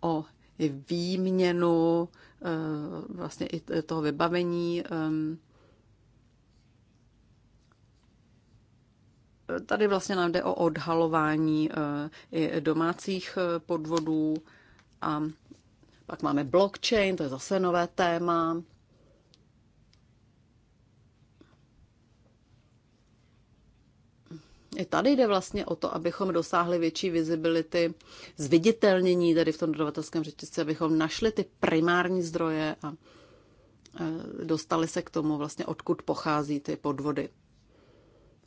Speaker 3: o výměnu eh, vlastně i toho vybavení ehm, tady vlastně nám jde o odhalování eh, domácích eh, podvodů a pak máme blockchain, to je zase nové téma. I tady jde vlastně o to, abychom dosáhli větší visibility, zviditelnění tady v tom dodavatelském řetězci, abychom našli ty primární zdroje a eh, dostali se k tomu vlastně, odkud pochází ty podvody.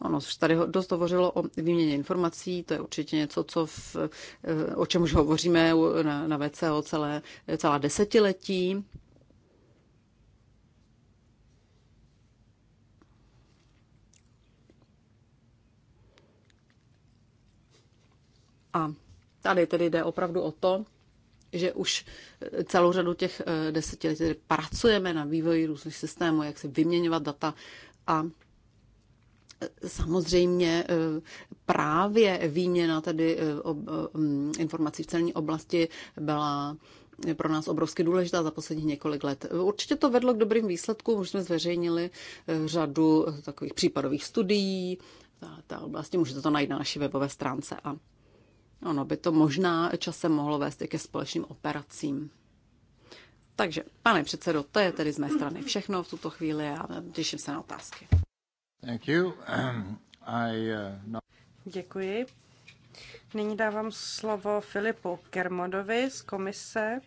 Speaker 3: Ano, už tady dost hovořilo o výměně informací, to je určitě něco, co v, eh, o čem už hovoříme na, na VCO celé, celá desetiletí. A tady tedy jde opravdu o to, že už eh, celou řadu těch eh, desetiletí pracujeme na vývoji různých systémů, jak se vyměňovat data a Samozřejmě eh, právě výměna tedy eh, eh, mm, informací v celní oblasti byla pro nás obrovsky důležitá za posledních několik let. Určitě to vedlo k dobrým výsledkům, už jsme zveřejnili řadu takových případových studií, ta, ta oblasti, můžete to najít na naší webové stránce a ono by to možná časem mohlo vést i ke společným operacím. Takže, pane předsedo, to je tedy z mé strany všechno v tuto chvíli
Speaker 2: a těším se na otázky.
Speaker 1: Uh,
Speaker 2: Děkuji. Nyní dávám slovo Filipu Kermodovi z komise,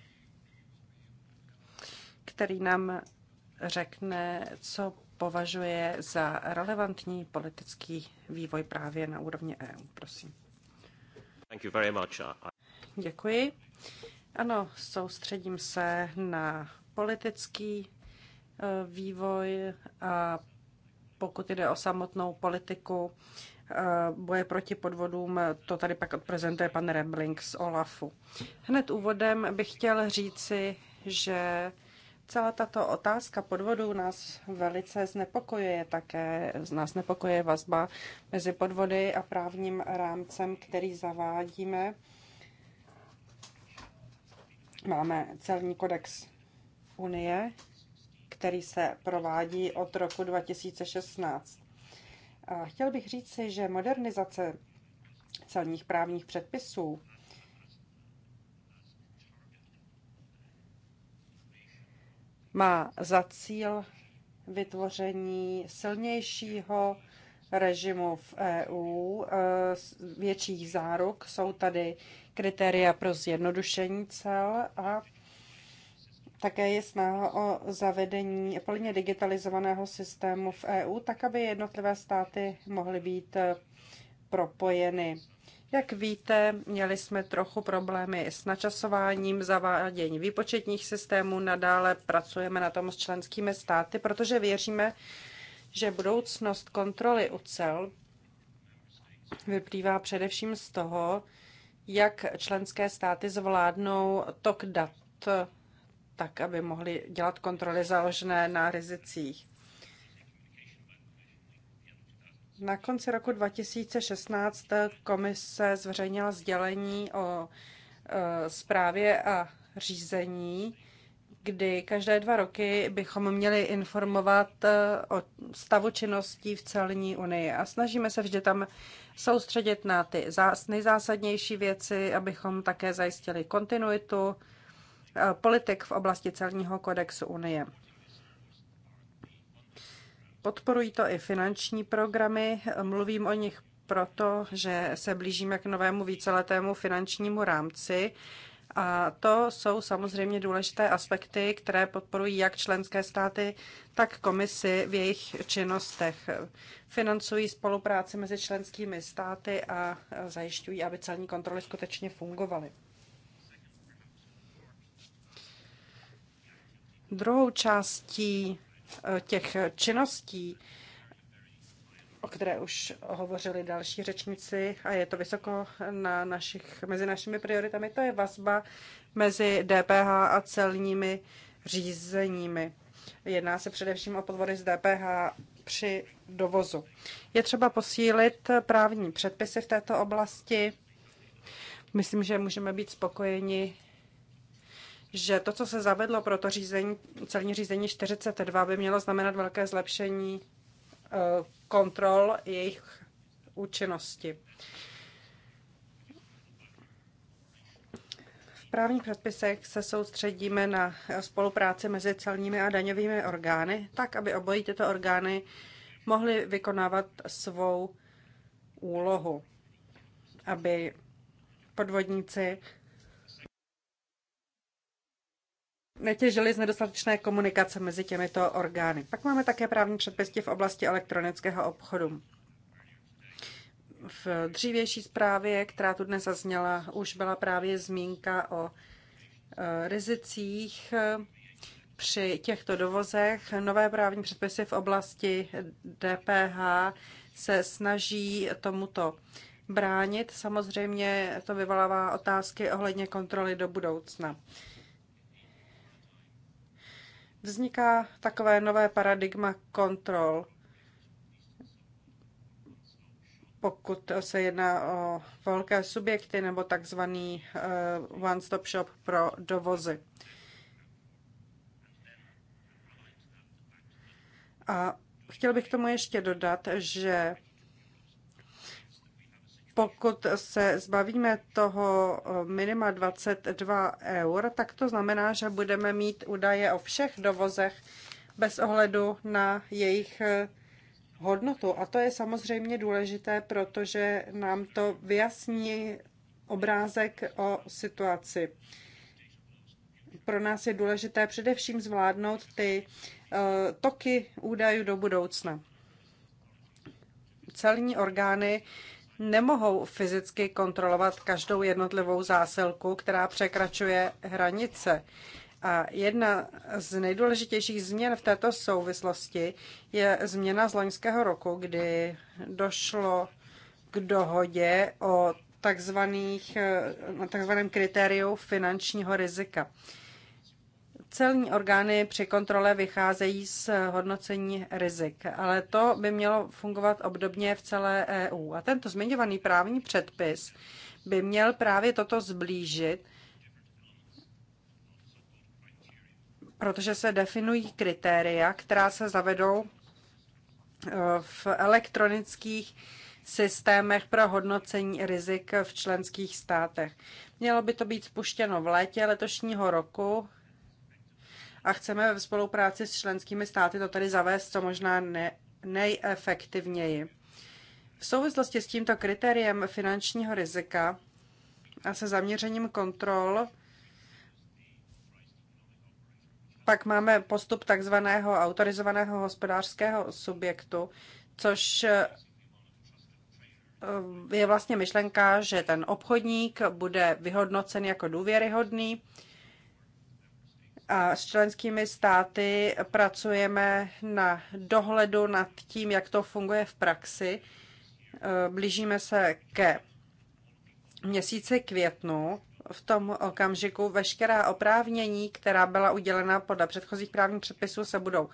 Speaker 2: který nám řekne, co považuje za relevantní politický vývoj právě na úrovni EU. Prosím.
Speaker 3: Thank you very much.
Speaker 2: Děkuji. Ano, soustředím se na politický eh, vývoj a pokud jde o samotnou politiku eh, boje proti podvodům, to tady pak odprezentuje pan Rebling z OLAFu. Hned úvodem bych chtěl říci, že celá tato otázka podvodů nás velice znepokojuje také. Z nás znepokojuje vazba mezi podvody a právním rámcem, který zavádíme. Máme celní kodex Unie, který se provádí od roku 2016. chtěl bych říci, že modernizace celních právních předpisů má za cíl vytvoření silnějšího režimu v EU, e, větších záruk. Jsou tady kritéria pro zjednodušení cel a také je snaha o zavedení plně digitalizovaného systému v EU, tak aby jednotlivé státy mohly být eh, propojeny. Jak víte, měli jsme trochu problémy s načasováním, zavádění výpočetních systémů. Nadále pracujeme na tom s členskými státy, protože věříme, že budoucnost kontroly ucel vyplývá především z toho, jak členské státy zvládnou tok dat tak aby mohli dělat kontroly založené na rizicích. Na konci roku 2016 komise zveřejnila sdělení o zprávě e, a řízení, kdy každé dva roky bychom měli informovat e, o stavu činností v celní unii. A snažíme se vždy tam soustředit na ty nejzásadnější věci, abychom také zajistili kontinuitu Eh, politik v oblasti celního kodexu Unie. Podporují to i finanční programy, mluvím o nich proto, že se blížíme k novému víceletému finančnímu rámci. A to jsou samozřejmě důležité aspekty, které podporují jak členské státy, tak komisy v jejich činnostech. Financují spolupráci mezi členskými státy a eh, zajišťují, aby celní kontroly skutečně fungovaly. Druhou částí eh, těch činností, o které už hovořili další řečníci a je to vysoko na našich, mezi našimi prioritami, to je vazba mezi DPH a celními řízeními. Jedná se především o podvody z DPH při dovozu. Je třeba posílit právní předpisy v této oblasti. Myslím, že můžeme být spokojeni že to, co se zavedlo pro to řízení, celní řízení 42, by mělo znamenat velké zlepšení eh, kontrol jejich účinnosti. V právních předpisech se soustředíme na spolupráci mezi celními a daňovými orgány, tak aby obojí tyto orgány mohly vykonávat svou úlohu, aby podvodníci netěžili z nedostatečné komunikace mezi těmito orgány. Pak máme také právní předpisy v oblasti elektronického obchodu. V dřívější zprávě, která tu dnes zazněla, už byla právě zmínka o e, rizicích e, při těchto dovozech. Nové právní předpisy v oblasti DPH se snaží tomuto bránit. Samozřejmě to vyvolává otázky ohledně kontroly do budoucna vzniká takové nové paradigma kontrol. Pokud se jedná o velké subjekty nebo takzvaný eh, one-stop shop pro dovozy. A chtěl bych k tomu ještě dodat, že pokud se zbavíme toho eh, minima 22 eur, tak to znamená, že budeme mít údaje o všech dovozech bez ohledu na jejich eh, hodnotu. A to je samozřejmě důležité, protože nám to vyjasní obrázek o situaci. Pro nás je důležité především zvládnout ty eh, toky údajů do budoucna. Celní orgány nemohou fyzicky kontrolovat každou jednotlivou zásilku, která překračuje hranice. A jedna z nejdůležitějších změn v této souvislosti je změna z loňského roku, kdy došlo k dohodě o takzvaných, takzvaném kritériu finančního rizika. Celní orgány při kontrole vycházejí z hodnocení rizik, ale to by mělo fungovat obdobně v celé EU. A tento zmiňovaný právní předpis by měl právě toto zblížit, protože se definují kritéria, která se zavedou eh, v elektronických systémech pro hodnocení rizik v členských státech. Mělo by to být spuštěno v létě letošního roku a chceme ve spolupráci s členskými státy to tady zavést co možná ne, nejefektivněji. V souvislosti s tímto kritériem finančního rizika a se zaměřením kontrol pak máme postup takzvaného autorizovaného hospodářského subjektu, což eh, je vlastně myšlenka, že ten obchodník bude vyhodnocen jako důvěryhodný a s členskými státy pracujeme na dohledu nad tím, jak to funguje v praxi. E, blížíme se ke měsíci květnu. V tom okamžiku veškerá oprávnění, která byla udělena podle předchozích právních předpisů, se budou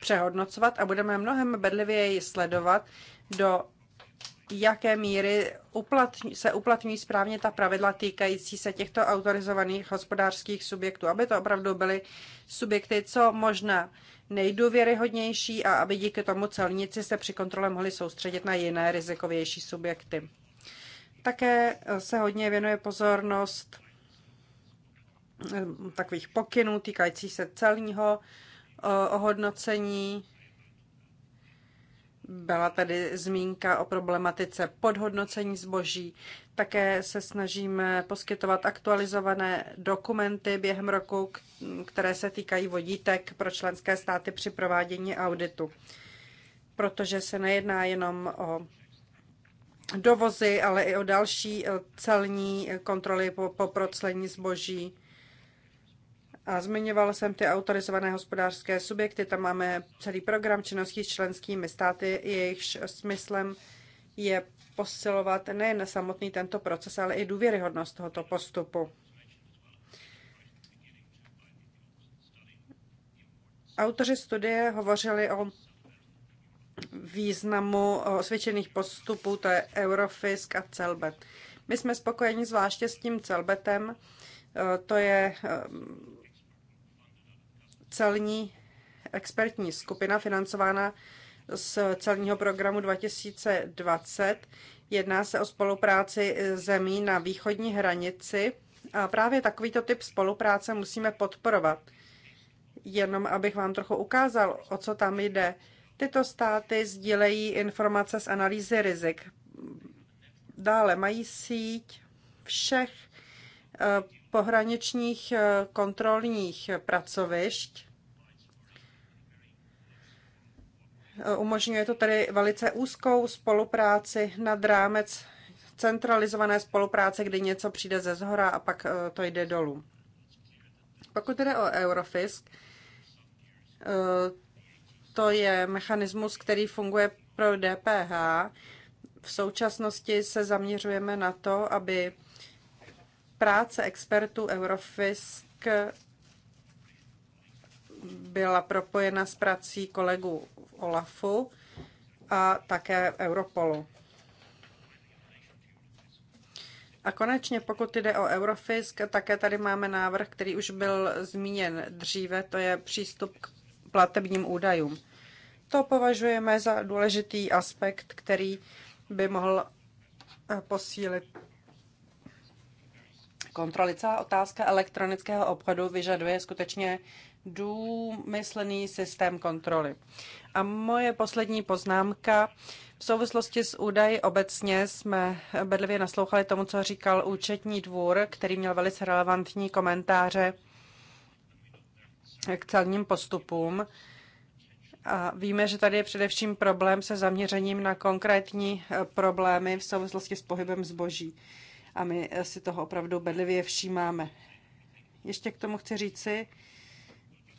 Speaker 2: přehodnocovat a budeme mnohem bedlivěji sledovat, do jaké míry uplatňují, se uplatňují správně ta pravidla týkající se těchto autorizovaných hospodářských subjektů, aby to opravdu byly subjekty co možná nejdůvěryhodnější a aby díky tomu celníci se při kontrole mohli soustředit na jiné rizikovější subjekty. Také eh, se hodně věnuje pozornost eh, takových pokynů týkající se celního eh, ohodnocení byla tady zmínka o problematice podhodnocení zboží. Také se snažíme poskytovat aktualizované dokumenty během roku, které se týkají vodítek pro členské státy při provádění auditu. Protože se nejedná jenom o dovozy, ale i o další eh, celní kontroly po, po proclení zboží a zmiňoval jsem ty autorizované hospodářské subjekty, tam máme celý program činností s členskými státy, jejichž smyslem je posilovat nejen samotný tento proces, ale i důvěryhodnost tohoto postupu. Autoři studie hovořili o významu osvědčených postupů, to je Eurofisk a Celbet. My jsme spokojeni zvláště s tím Celbetem, to je celní expertní skupina financována z celního programu 2020. Jedná se o spolupráci zemí na východní hranici a právě takovýto typ spolupráce musíme podporovat. Jenom abych vám trochu ukázal, o co tam jde. Tyto státy sdílejí informace z analýzy rizik. Dále mají síť všech eh, pohraničních eh, kontrolních pracovišť. Eh, umožňuje to tedy velice úzkou spolupráci nad rámec centralizované spolupráce, kdy něco přijde ze zhora a pak eh, to jde dolů. Pokud jde o Eurofisk, to je mechanismus, který funguje pro DPH. V současnosti se zaměřujeme na to, aby práce expertů Eurofisk byla propojena s prací kolegů OLAFu a také Europolu. A konečně, pokud jde o Eurofisk, také tady máme návrh, který už byl zmíněn dříve, to je přístup k platebním údajům. To považujeme za důležitý aspekt, který by mohl posílit kontroly. Celá otázka elektronického obchodu vyžaduje skutečně důmyslný systém kontroly. A moje poslední poznámka. V souvislosti s údaji obecně jsme bedlivě naslouchali tomu, co říkal účetní dvůr, který měl velice relevantní komentáře k celním postupům. A víme, že tady je především problém se zaměřením na konkrétní eh, problémy v souvislosti s pohybem zboží a my si toho opravdu bedlivě všímáme. Ještě k tomu chci říci,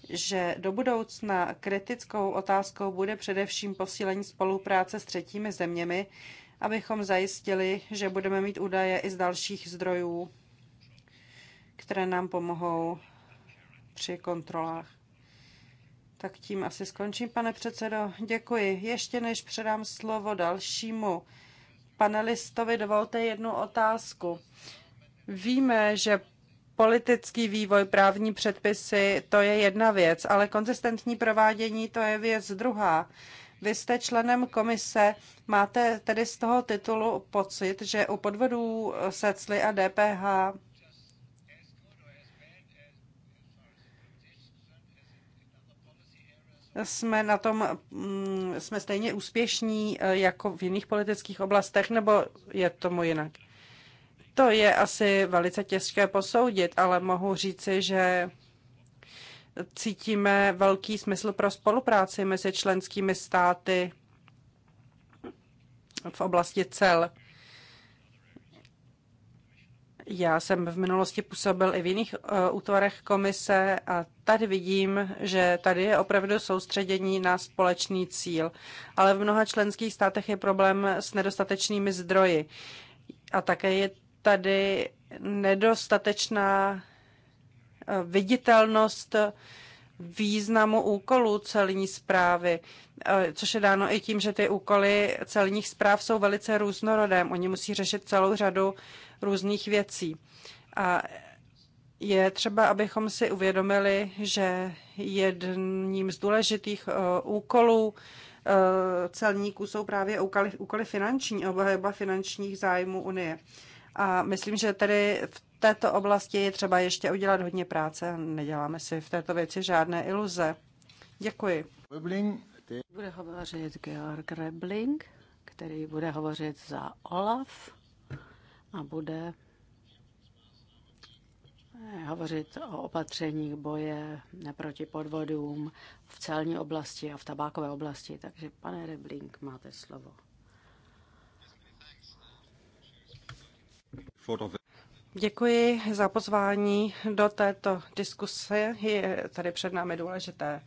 Speaker 2: že do budoucna kritickou otázkou bude především posílení spolupráce s třetími zeměmi, abychom zajistili, že budeme mít údaje i z dalších zdrojů, které nám pomohou při kontrolách. Tak tím asi skončím, pane předsedo. Děkuji. Ještě než předám slovo dalšímu panelistovi dovolte jednu otázku. Víme, že politický vývoj, právní předpisy, to je jedna věc, ale konzistentní provádění, to je věc druhá. Vy jste členem komise, máte tedy z toho titulu pocit, že u podvodů se cly a DPH jsme na tom, mm, jsme stejně úspěšní eh, jako v jiných politických oblastech, nebo je tomu jinak? To je asi velice těžké posoudit, ale mohu říci, že cítíme velký smysl pro spolupráci mezi členskými státy v oblasti cel. Já jsem v minulosti působil i v jiných e, útvarech komise a tady vidím, že tady je opravdu soustředění na společný cíl. Ale v mnoha členských státech je problém s nedostatečnými zdroji. A také je tady nedostatečná e, viditelnost významu úkolů celní zprávy, eh, což je dáno i tím, že ty úkoly celních zpráv jsou velice různorodé. Oni musí řešit celou řadu různých věcí. A je třeba, abychom si uvědomili, že jedním z důležitých eh, úkolů eh, celníků jsou právě úkoly, úkoly finanční, obhajoba finančních zájmů Unie. A myslím, že tedy v této oblasti je třeba ještě udělat hodně práce. Neděláme si v této věci žádné iluze. Děkuji. Bude hovořit Georg Rebling, který bude hovořit za OLAF
Speaker 1: a bude eh, hovořit o opatřeních boje neproti podvodům v celní oblasti a v tabákové oblasti.
Speaker 2: Takže, pane Rebling, máte slovo. Děkuji za pozvání do této diskuse. Je tady před námi důležité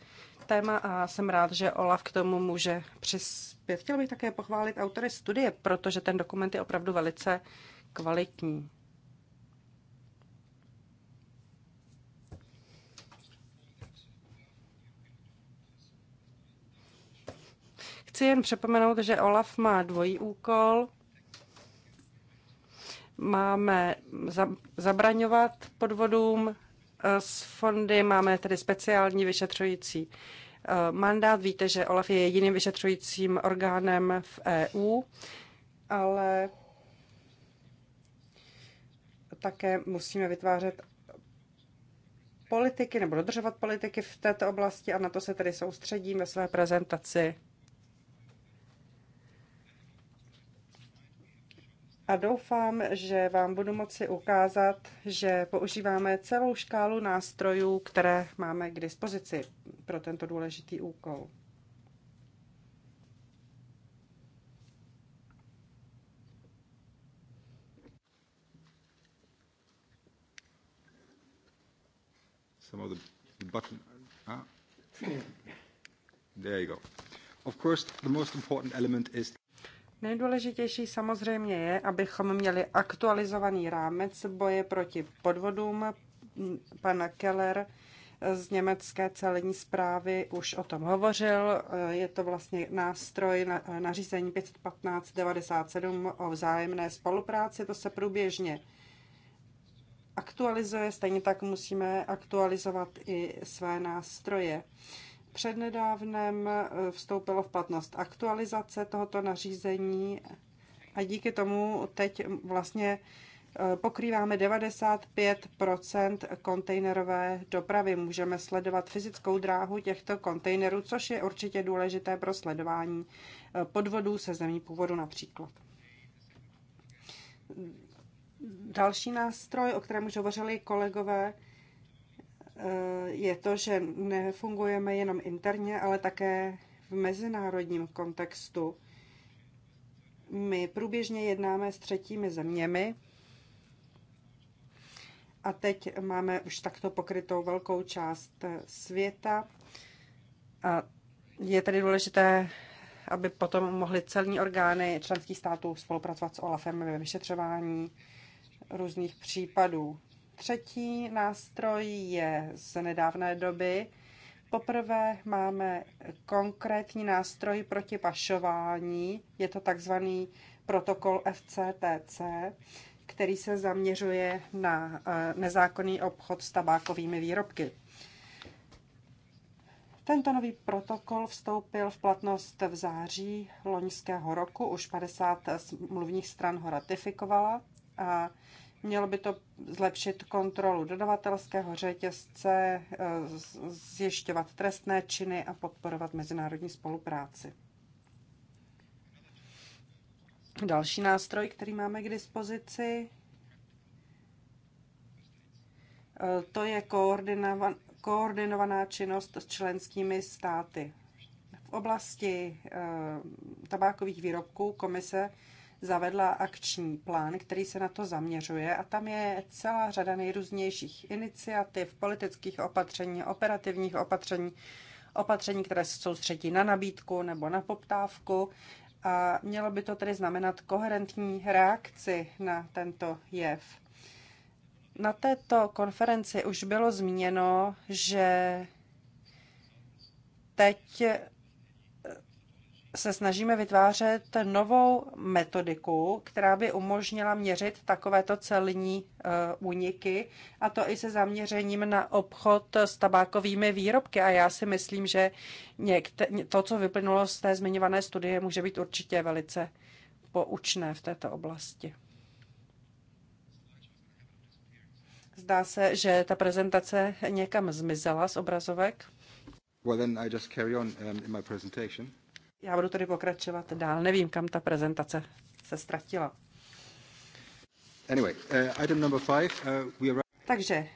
Speaker 2: téma a jsem rád, že Olaf k tomu může přispět. Chtěl bych také pochválit autory studie, protože ten dokument je opravdu velice kvalitní. Chci jen připomenout, že Olaf má dvojí úkol – máme zabraňovat podvodům e, s fondy, máme tedy speciální vyšetřující e, mandát. Víte, že OLAF je jediným vyšetřujícím orgánem v EU, ale také musíme vytvářet politiky nebo dodržovat politiky v této oblasti a na to se tedy soustředím ve své prezentaci. a doufám, že vám budu moci ukázat, že používáme celou škálu nástrojů, které máme k dispozici pro tento důležitý úkol.
Speaker 1: Some of the button. Ah. There you go.
Speaker 2: Of course, the most important element is Nejdůležitější samozřejmě je, abychom měli aktualizovaný rámec boje proti podvodům. Pan Keller z německé celní zprávy už o tom hovořil. Je to vlastně nástroj na nařízení 51597 o vzájemné spolupráci. To se průběžně aktualizuje. Stejně tak musíme aktualizovat i své nástroje. Přednedávnem eh, vstoupilo v platnost aktualizace tohoto nařízení a díky tomu teď vlastně eh, pokrýváme 95 kontejnerové dopravy. Můžeme sledovat fyzickou dráhu těchto kontejnerů, což je určitě důležité pro sledování eh, podvodů se zemí původu například. Další nástroj, o kterém už hovořili kolegové, je to, že nefungujeme jenom interně, ale také v mezinárodním kontextu. My průběžně jednáme s třetími zeměmi a teď máme už takto pokrytou velkou část světa. A je tedy důležité, aby potom mohly celní orgány členských států spolupracovat s OLAFem ve vyšetřování různých případů. Třetí nástroj je z nedávné doby. Poprvé máme konkrétní nástroj proti pašování, je to takzvaný protokol FCTC, který se zaměřuje na eh, nezákonný obchod s tabákovými výrobky. Tento nový protokol vstoupil v platnost v září loňského roku, už 50 mluvních stran ho ratifikovala a Mělo by to zlepšit kontrolu dodavatelského řetězce, eh, zjišťovat trestné činy a podporovat mezinárodní spolupráci. Další nástroj, který máme k dispozici, eh, to je koordinovaná činnost s členskými státy. V oblasti eh, tabákových výrobků komise zavedla akční plán, který se na to zaměřuje a tam je celá řada nejrůznějších iniciativ, politických opatření, operativních opatření, opatření, které se soustředí na nabídku nebo na poptávku a mělo by to tedy znamenat koherentní reakci na tento jev. Na této konferenci už bylo zmíněno, že teď se snažíme vytvářet novou metodiku, která by umožnila měřit takovéto celní e, úniky, a to i se zaměřením na obchod s tabákovými výrobky. A já si myslím, že to, co vyplynulo z té zmiňované studie, může být určitě velice poučné v této oblasti. Zdá se, že ta prezentace někam zmizela z obrazovek.
Speaker 1: Well, then I just carry on um, in my presentation.
Speaker 2: Já budu tady pokračovat dál. Nevím, kam ta prezentace se ztratila. Anyway, uh, item number five, uh, we are... Takže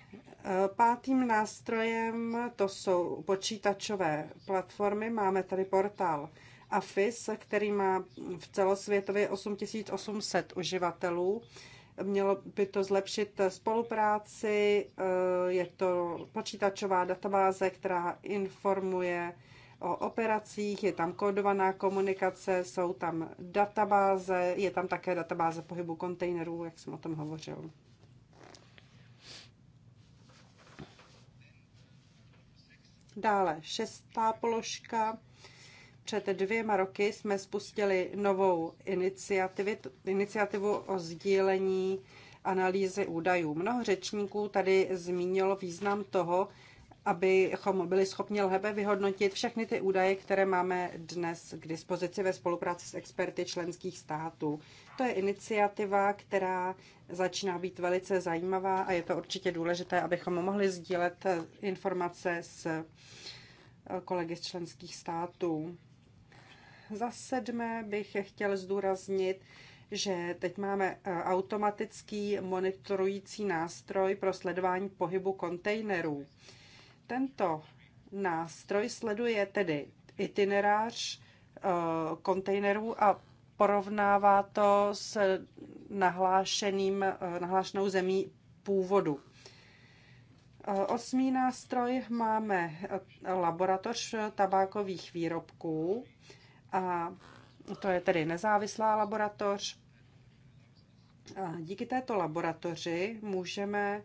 Speaker 2: uh, pátým nástrojem to jsou počítačové platformy. Máme tady portál AFIS, který má v celosvětově 8800 uživatelů. Mělo by to zlepšit spolupráci, uh, je to počítačová databáze, která informuje o operacích, je tam kódovaná komunikace, jsou tam databáze, je tam také databáze pohybu kontejnerů, jak jsem o tom hovořil. Dále šestá položka. Před dvěma roky jsme spustili novou iniciativu o sdílení analýzy údajů. Mnoho řečníků tady zmínilo význam toho, abychom byli schopni lépe vyhodnotit všechny ty údaje, které máme dnes k dispozici ve spolupráci s experty členských států. To je iniciativa, která začíná být velice zajímavá a je to určitě důležité, abychom mohli sdílet eh, informace s eh, kolegy z členských států. Za sedmé bych chtěl zdůraznit, že teď máme eh, automatický monitorující nástroj pro sledování pohybu kontejnerů. Tento nástroj sleduje tedy itinerář eh, kontejnerů a porovnává to s nahlášeným, eh, nahlášenou zemí původu. Eh, osmý nástroj máme laboratoř tabákových výrobků a to je tedy nezávislá laboratoř. A díky této laboratoři můžeme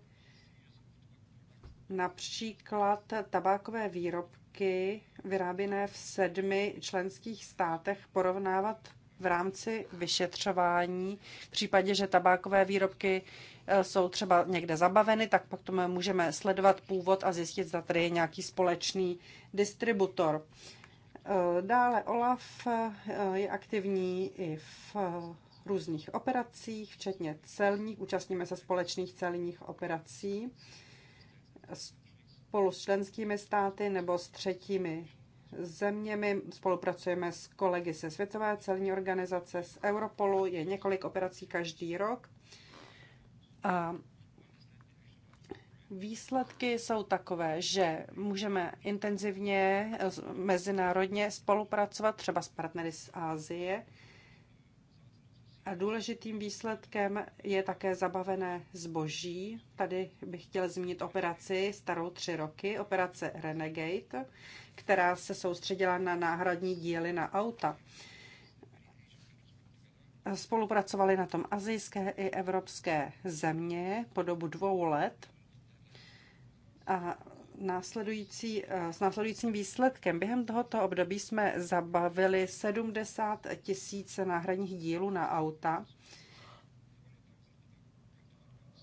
Speaker 2: Například tabákové výrobky vyráběné v sedmi členských státech porovnávat v rámci vyšetřování. V případě, že tabákové výrobky eh, jsou třeba někde zabaveny, tak pak tomu můžeme sledovat původ a zjistit, zda tady je nějaký společný distributor. Eh, dále OLAF eh, je aktivní i v různých operacích, včetně celních. Účastníme se společných celních operací spolu s členskými státy nebo s třetími zeměmi. Spolupracujeme s kolegy ze Světové celní organizace, z Europolu. Je několik operací každý rok. A Výsledky jsou takové, že můžeme intenzivně mezinárodně spolupracovat třeba s partnery z Ázie, a důležitým výsledkem je také zabavené zboží. Tady bych chtěl zmínit operaci starou tři roky, operace Renegade, která se soustředila na náhradní díly na auta. Spolupracovali na tom azijské i evropské země po dobu dvou let a následující, eh, s následujícím výsledkem. Během tohoto období jsme zabavili 70 tisíc náhradních dílů na auta,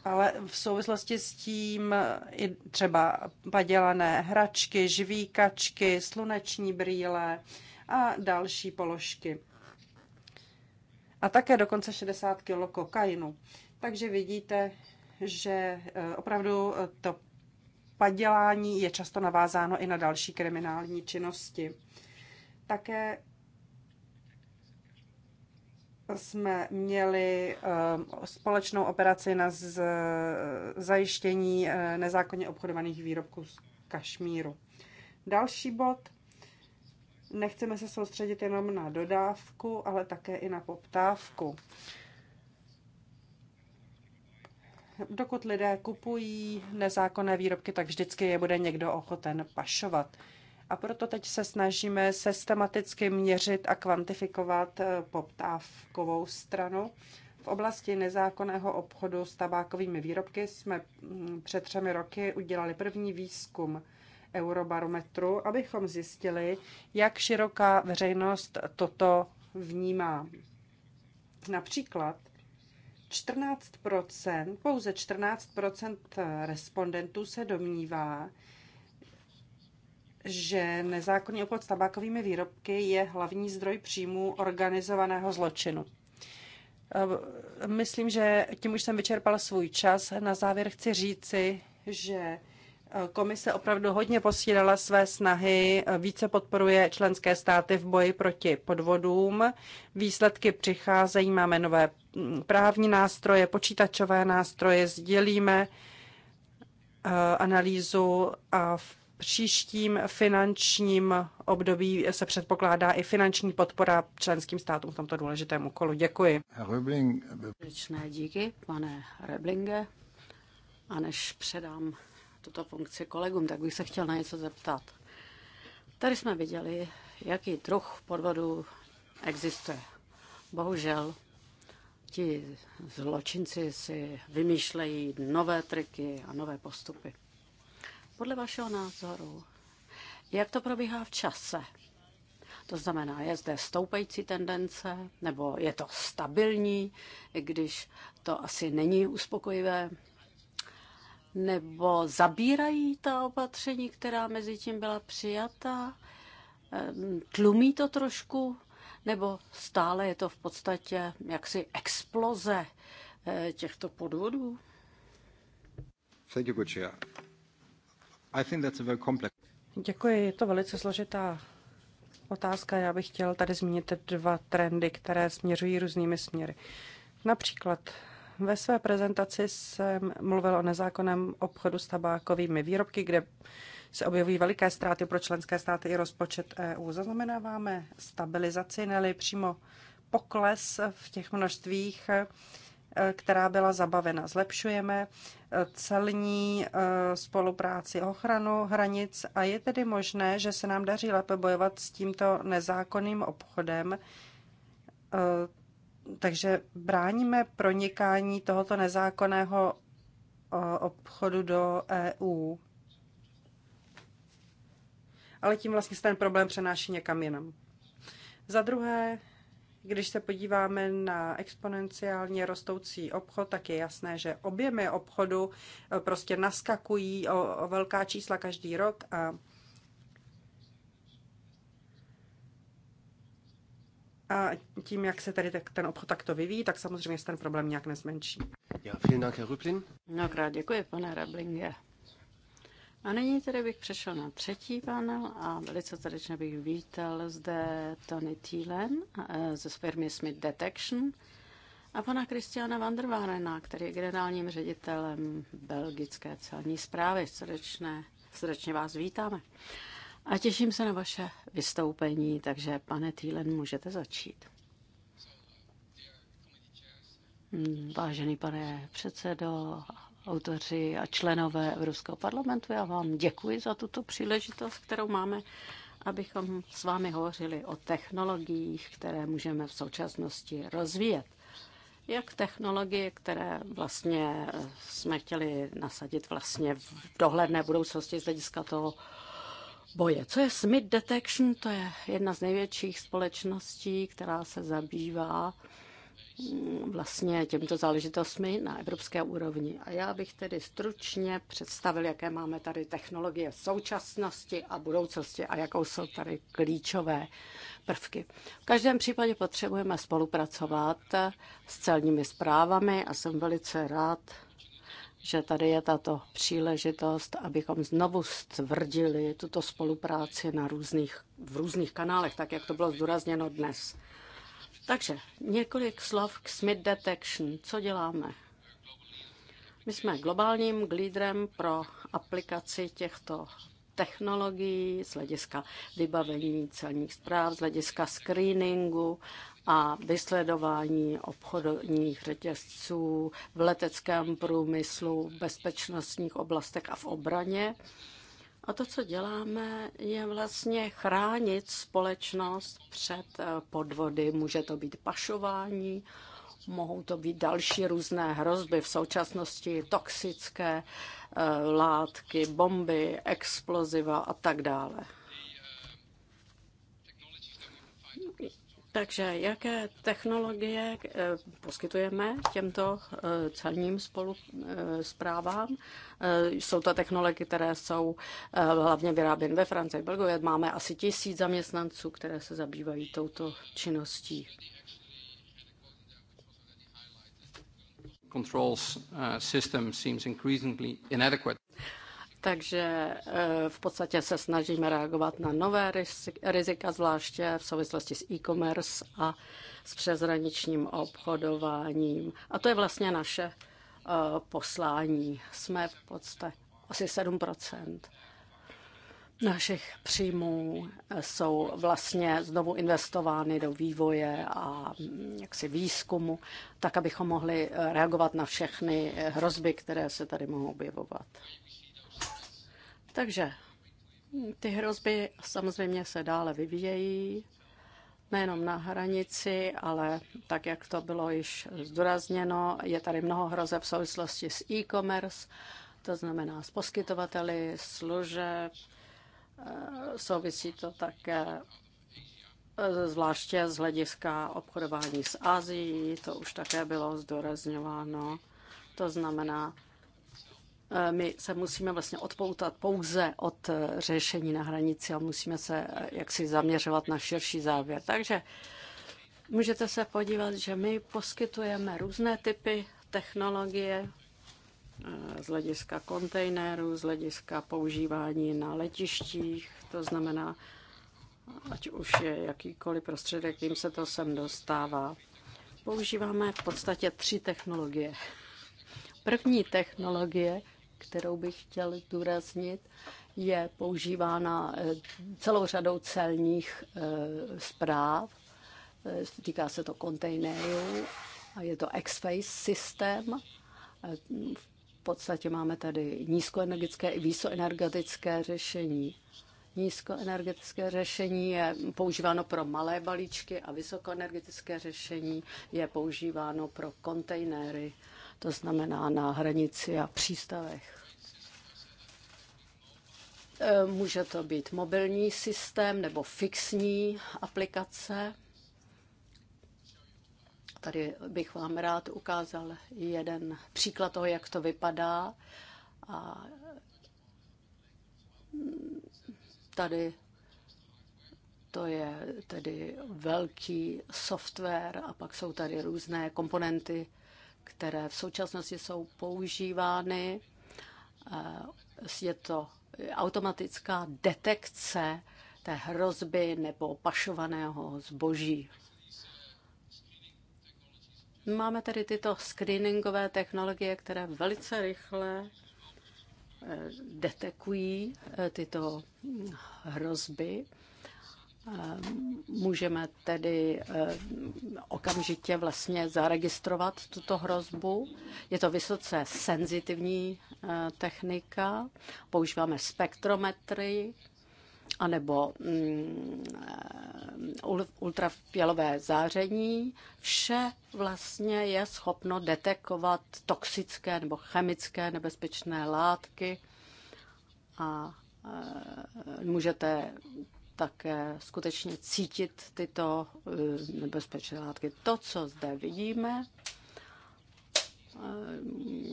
Speaker 2: ale v souvislosti s tím i třeba padělané hračky, žvíkačky, sluneční brýle a další položky. A také dokonce 60 kg kokainu. Takže vidíte, že eh, opravdu to padělání je často navázáno i na další kriminální činnosti. Také jsme měli eh, společnou operaci na eh, zajištění eh, nezákonně obchodovaných výrobků z Kašmíru. Další bod. Nechceme se soustředit jenom na dodávku, ale také i na poptávku dokud lidé kupují nezákonné výrobky, tak vždycky je bude někdo ochoten pašovat. A proto teď se snažíme systematicky měřit a kvantifikovat eh, poptávkovou stranu. V oblasti nezákonného obchodu s tabákovými výrobky jsme mm, před třemi roky udělali první výzkum Eurobarometru, abychom zjistili, jak široká veřejnost toto vnímá. Například 14 pouze 14 respondentů se domnívá, že nezákonný obchod s tabákovými výrobky je hlavní zdroj příjmu organizovaného zločinu. Myslím, že tím už jsem vyčerpala svůj čas. Na závěr chci říci, že Komise opravdu hodně posílila své snahy, více podporuje členské státy v boji proti podvodům. Výsledky přicházejí, máme nové mm, právní nástroje, počítačové nástroje, sdělíme eh, analýzu a v příštím finančním období se předpokládá i finanční podpora členským státům v tomto důležitém úkolu. Děkuji. Rebling. Díky,
Speaker 1: pane Reblinge. A než předám tuto funkci kolegům, tak bych se chtěl na něco zeptat. Tady jsme viděli, jaký druh podvodu existuje. Bohužel ti zločinci si vymýšlejí nové triky a nové postupy. Podle vašeho názoru, jak to probíhá v čase? To znamená, je zde stoupající tendence, nebo je to stabilní, i když to asi není uspokojivé nebo zabírají ta opatření, která mezi tím byla přijata? Ehm, tlumí to trošku? Nebo stále je to v podstatě jaksi exploze eh,
Speaker 2: těchto podvodů? Děkuji, je to velice složitá otázka. Já bych chtěl tady zmínit dva trendy, které směřují různými směry. Například ve své prezentaci jsem mluvil o nezákonném obchodu s tabákovými výrobky, kde se objevují veliké ztráty pro členské státy i rozpočet EU. Zaznamenáváme stabilizaci, neli přímo pokles v těch množstvích, e, která byla zabavena. Zlepšujeme e, celní e, spolupráci ochranu hranic a je tedy možné, že se nám daří lépe bojovat s tímto nezákonným obchodem, takže bráníme pronikání tohoto nezákonného obchodu do EU. Ale tím vlastně se ten problém přenáší někam jinam. Za druhé, když se podíváme na exponenciálně rostoucí obchod, tak je jasné, že objemy obchodu e, prostě naskakují o, o velká čísla každý rok a A tím, jak se tady ten obchod takto vyvíjí, tak samozřejmě se ten problém nějak nezmenší.
Speaker 3: Já, vielen Dank, Herr Rüblin.
Speaker 2: Mnohokrát děkuji, pane Rablinge. A nyní tedy
Speaker 1: bych přešel na třetí panel a velice srdečně bych vítal zde Tony Thielen eh, ze firmy Smith Detection a pana Kristiana van der Warena, který je generálním ředitelem belgické celní zprávy. Srdečné, srdečně vás vítáme. A těším se na vaše vystoupení, takže pane Týlen, můžete začít. Hmm, vážený pane předsedo, autoři a členové Evropského parlamentu, já vám děkuji za tuto příležitost, kterou máme, abychom s vámi hovořili o technologiích, které můžeme v současnosti rozvíjet. Jak technologie, které vlastně jsme chtěli nasadit vlastně v dohledné budoucnosti z hlediska toho boje. Co je Smith Detection? To je jedna z největších společností, která se zabývá mm, vlastně těmito záležitostmi na evropské úrovni. A já bych tedy stručně představil, jaké máme tady technologie současnosti a budoucnosti a jakou jsou tady klíčové prvky. V každém případě potřebujeme spolupracovat s celními zprávami a jsem velice rád, že tady je tato příležitost, abychom znovu stvrdili tuto spolupráci na různých, v různých kanálech, tak jak to bylo zdůrazněno dnes. Takže několik slov k Smith Detection. Co děláme? My jsme globálním lídrem pro aplikaci těchto technologií, z hlediska vybavení celních zpráv, z hlediska screeningu a vysledování obchodních řetězců v leteckém průmyslu, v bezpečnostních oblastech a v obraně. A to, co děláme, je vlastně chránit společnost před podvody. Může to být pašování, mohou to být další různé hrozby, v současnosti toxické eh, látky, bomby, exploziva a tak dále. Takže jaké technologie eh, poskytujeme těmto eh, celním spolu zprávám? Jsou to technologie, které jsou hlavně vyráběny ve Francii, v Belgii. Máme asi tisíc zaměstnanců, které se zabývají touto činností. controls eh, system seems increasingly inadequate. Takže eh, v podstatě se snažíme reagovat na nové rizika, zvláště v souvislosti s e-commerce a s přezraničním obchodováním. A to je vlastně naše eh, poslání. Jsme v podstatě asi 7 našich příjmů eh, jsou vlastně znovu investovány do vývoje a mm, jaksi výzkumu, tak abychom mohli eh, reagovat na všechny eh, hrozby, které se tady mohou objevovat. Takže hm, ty hrozby samozřejmě se dále vyvíjejí, nejenom na hranici, ale tak, jak to bylo již zdůrazněno, je tady mnoho hrozeb v souvislosti s e-commerce, to znamená s poskytovateli služeb, Eh, souvisí to také eh, zvláště z hlediska obchodování s Azií, to už také bylo zdorazňováno. To znamená, eh, my se musíme vlastně odpoutat pouze od řešení na hranici a musíme se jaksi zaměřovat na širší závěr. Takže můžete se podívat, že my poskytujeme různé typy technologie z hlediska kontejnerů, z hlediska používání na letištích, to znamená, ať už je jakýkoliv prostředek, tím se to sem dostává. Používáme v podstatě tři technologie. První technologie, kterou bych chtěl zdůraznit, je používána eh, celou řadou celních eh, zpráv. Eh, týká se to kontejnerů a je to X-Face systém podstatě máme tady nízkoenergetické i vysoenergetické řešení. Nízkoenergetické řešení je používáno pro malé balíčky a vysokoenergetické řešení je používáno pro kontejnery, to znamená na hranici a přístavech. E, může to být mobilní systém nebo fixní aplikace. Tady bych vám rád ukázal jeden příklad toho, jak to vypadá. A tady to je tedy velký software a pak jsou tady různé komponenty, které v současnosti jsou používány. Eh, je to automatická detekce té hrozby nebo pašovaného zboží Máme tedy tyto screeningové technologie, které velice rychle eh, detekují eh, tyto hrozby. Eh, můžeme tedy okamžitě vlastně zaregistrovat tuto hrozbu. Je to vysoce senzitivní technika. Používáme spektrometry anebo mm, eh, ultrafialové záření, vše vlastně je schopno detekovat toxické nebo chemické nebezpečné látky a eh, můžete také skutečně cítit tyto eh, nebezpečné látky. To, co zde vidíme,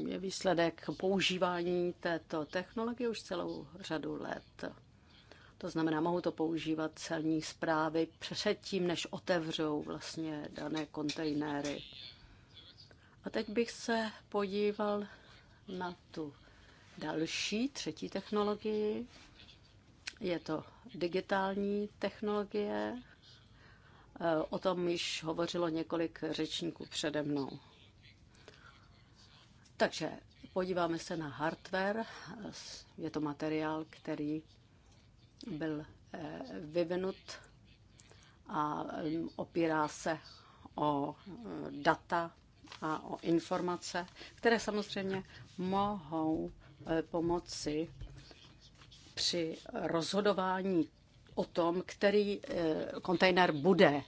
Speaker 1: je výsledek používání této technologie už celou řadu let. To znamená, mohou to používat celní zprávy předtím, než otevřou vlastně dané kontejnery. A teď bych se podíval na tu další, třetí technologii. Je to digitální technologie. O tom již hovořilo několik řečníků přede mnou. Takže podíváme se na hardware. Je to materiál, který byl eh, vyvinut a eh, opírá se o eh, data a o informace, které samozřejmě mohou pomoci při rozhodování o tom, který kontejner bude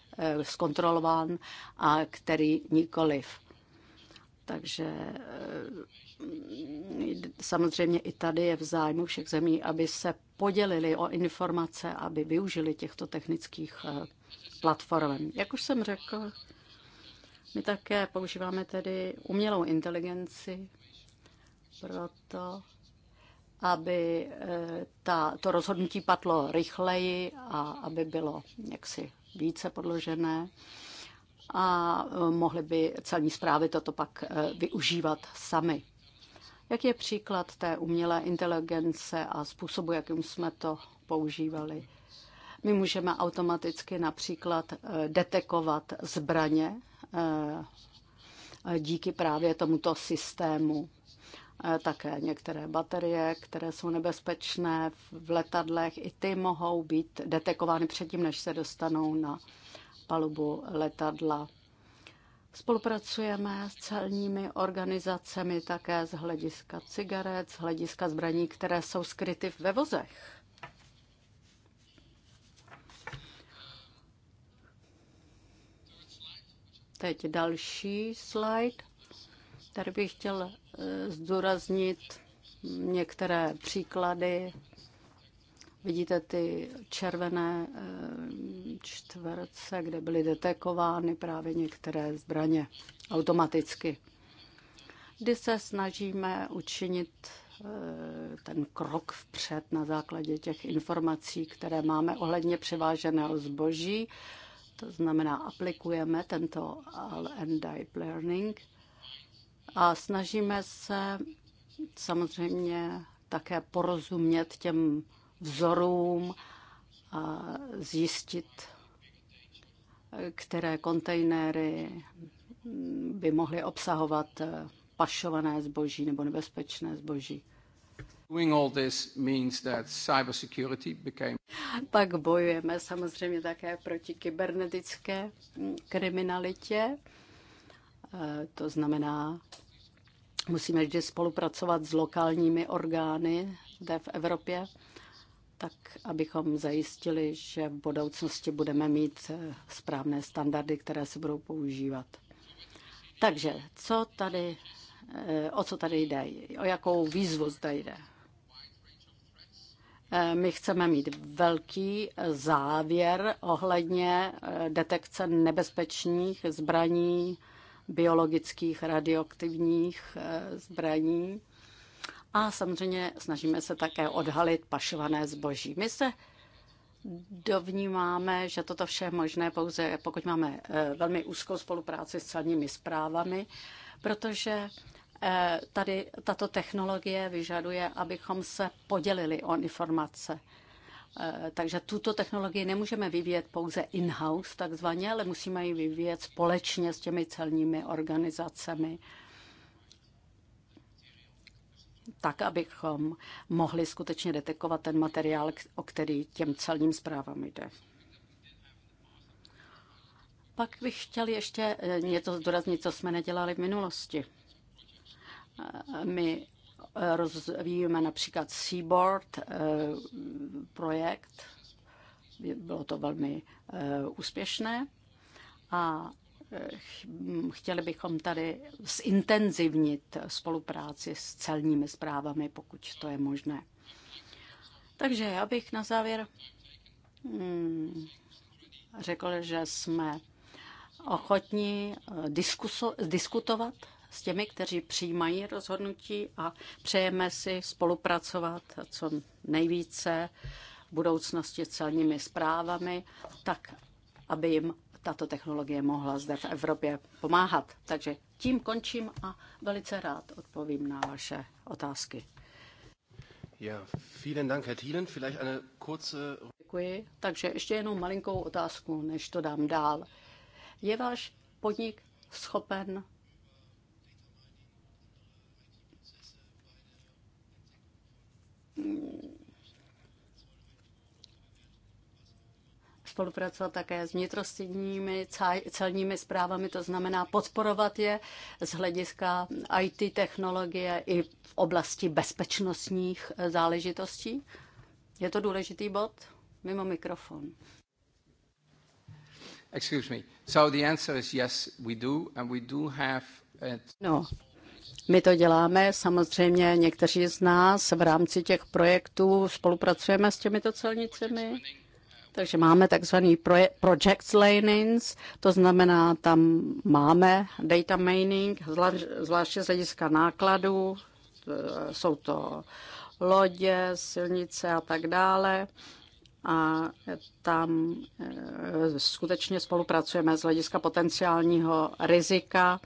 Speaker 1: zkontrolován a který nikoliv. Takže eh, samozřejmě i tady je v zájmu všech zemí, aby se podělili o informace, aby využili těchto technických eh, platform. Jak už jsem řekl, my také používáme tedy umělou inteligenci proto, aby eh, ta, to rozhodnutí padlo rychleji a aby bylo jaksi více podložené a e, mohly by celní zprávy toto pak e, využívat sami. Jak je příklad té umělé inteligence a způsobu, jakým jsme to používali? My můžeme automaticky například e, detekovat zbraně díky právě tomuto systému. Také některé baterie, které jsou nebezpečné v letadlech, i ty mohou být detekovány předtím, než se dostanou na palubu letadla. Spolupracujeme s celními organizacemi také z hlediska cigaret, z hlediska zbraní, které jsou skryty ve vozech. Teď další slide. Tady bych chtěl eh, zdůraznit některé příklady Vidíte ty červené eh, čtverce, kde byly detekovány právě některé zbraně automaticky. Kdy se snažíme učinit eh, ten krok vpřed na základě těch informací, které máme ohledně převáženého zboží, to znamená, aplikujeme tento and deep learning a snažíme se samozřejmě také porozumět těm vzorům a zjistit, které kontejnery by mohly obsahovat pašované zboží nebo nebezpečné zboží. Pak bojujeme samozřejmě také proti kybernetické kriminalitě. E, to znamená, musíme vždy spolupracovat s lokálními orgány zde v Evropě tak abychom zajistili, že v budoucnosti budeme mít eh, správné standardy, které se budou používat. Takže co tady, eh, o co tady jde, o jakou výzvu zde jde? Eh, my chceme mít velký závěr ohledně detekce nebezpečných zbraní, biologických, radioaktivních zbraní a samozřejmě snažíme se také odhalit pašované zboží. My se dovnímáme, že toto vše je možné pouze, pokud máme eh, velmi úzkou spolupráci s celními zprávami, protože eh, tady tato technologie vyžaduje, abychom se podělili o informace. Eh, takže tuto technologii nemůžeme vyvíjet pouze in-house takzvaně, ale musíme ji vyvíjet společně s těmi celními organizacemi tak, abychom mohli skutečně detekovat ten materiál, o který těm celním zprávám jde. Pak bych chtěl ještě eh, něco zdůraznit, co jsme nedělali v minulosti. Eh, my eh, rozvíjíme například Seaboard projekt, bylo to velmi úspěšné a Eh, chtěli bychom tady zintenzivnit spolupráci s celními zprávami, pokud to je možné. Takže já bych na závěr mm, řekl, že jsme ochotní eh, diskuso, diskutovat s těmi, kteří přijímají rozhodnutí a přejeme si spolupracovat co nejvíce v budoucnosti celními zprávami, tak aby jim tato technologie mohla zde v Evropě pomáhat. Takže tím končím a velice rád odpovím na vaše otázky.
Speaker 2: Ja, vielen Dank, Herr Thielen. Vielleicht
Speaker 3: eine kurze...
Speaker 1: Děkuji. Takže ještě jenom malinkou otázku, než to dám dál. Je váš podnik schopen spolupracovat také s vnitrostředními celními zprávami, to znamená podporovat je z hlediska IT technologie i v oblasti bezpečnostních eh, záležitostí. Je to důležitý bod? Mimo mikrofon. Excuse me. So the answer is yes, we do, and we do have... A... Uh, no, my to děláme, samozřejmě někteří z nás v rámci těch projektů spolupracujeme s těmito celnicemi. Takže máme takzvaný project lanings, to znamená, tam máme data mining, zvláště z hlediska nákladů, e, jsou to lodě, silnice a tak dále. A tam e, skutečně spolupracujeme z hlediska potenciálního rizika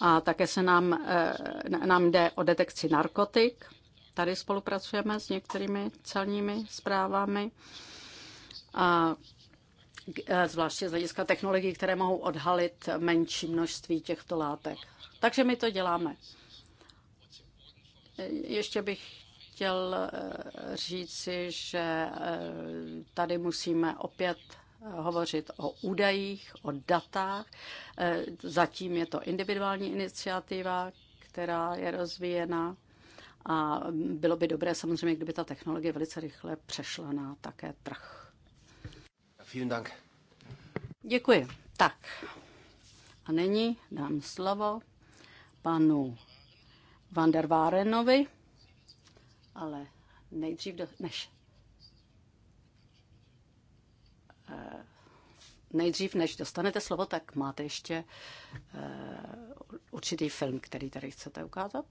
Speaker 1: a také se nám, e, nám jde o detekci narkotik. Tady spolupracujeme s některými celními zprávami. E, zvláště z hlediska technologií, které mohou odhalit menší množství těchto látek. Takže my to děláme. E, ještě bych chtěl e, říci, že tady musíme opět hovořit o údajích, o datách. Zatím je to individuální iniciativa, která je rozvíjena a bylo by dobré samozřejmě, kdyby ta technologie velice rychle přešla na také trh. Vielen Dank. Děkuji. Tak. A nyní dám slovo panu Van der Warenovi, ale nejdřív do, než eh, nejdřív, než dostanete slovo, tak máte ještě eh, určitý film, který tady chcete ukázat.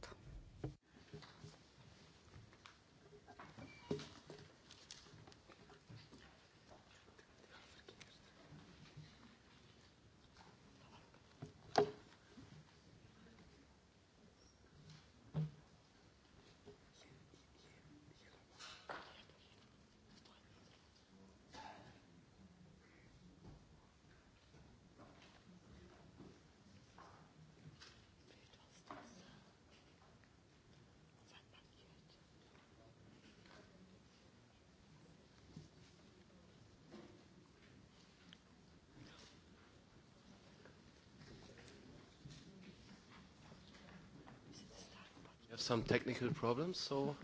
Speaker 3: some technical problems, so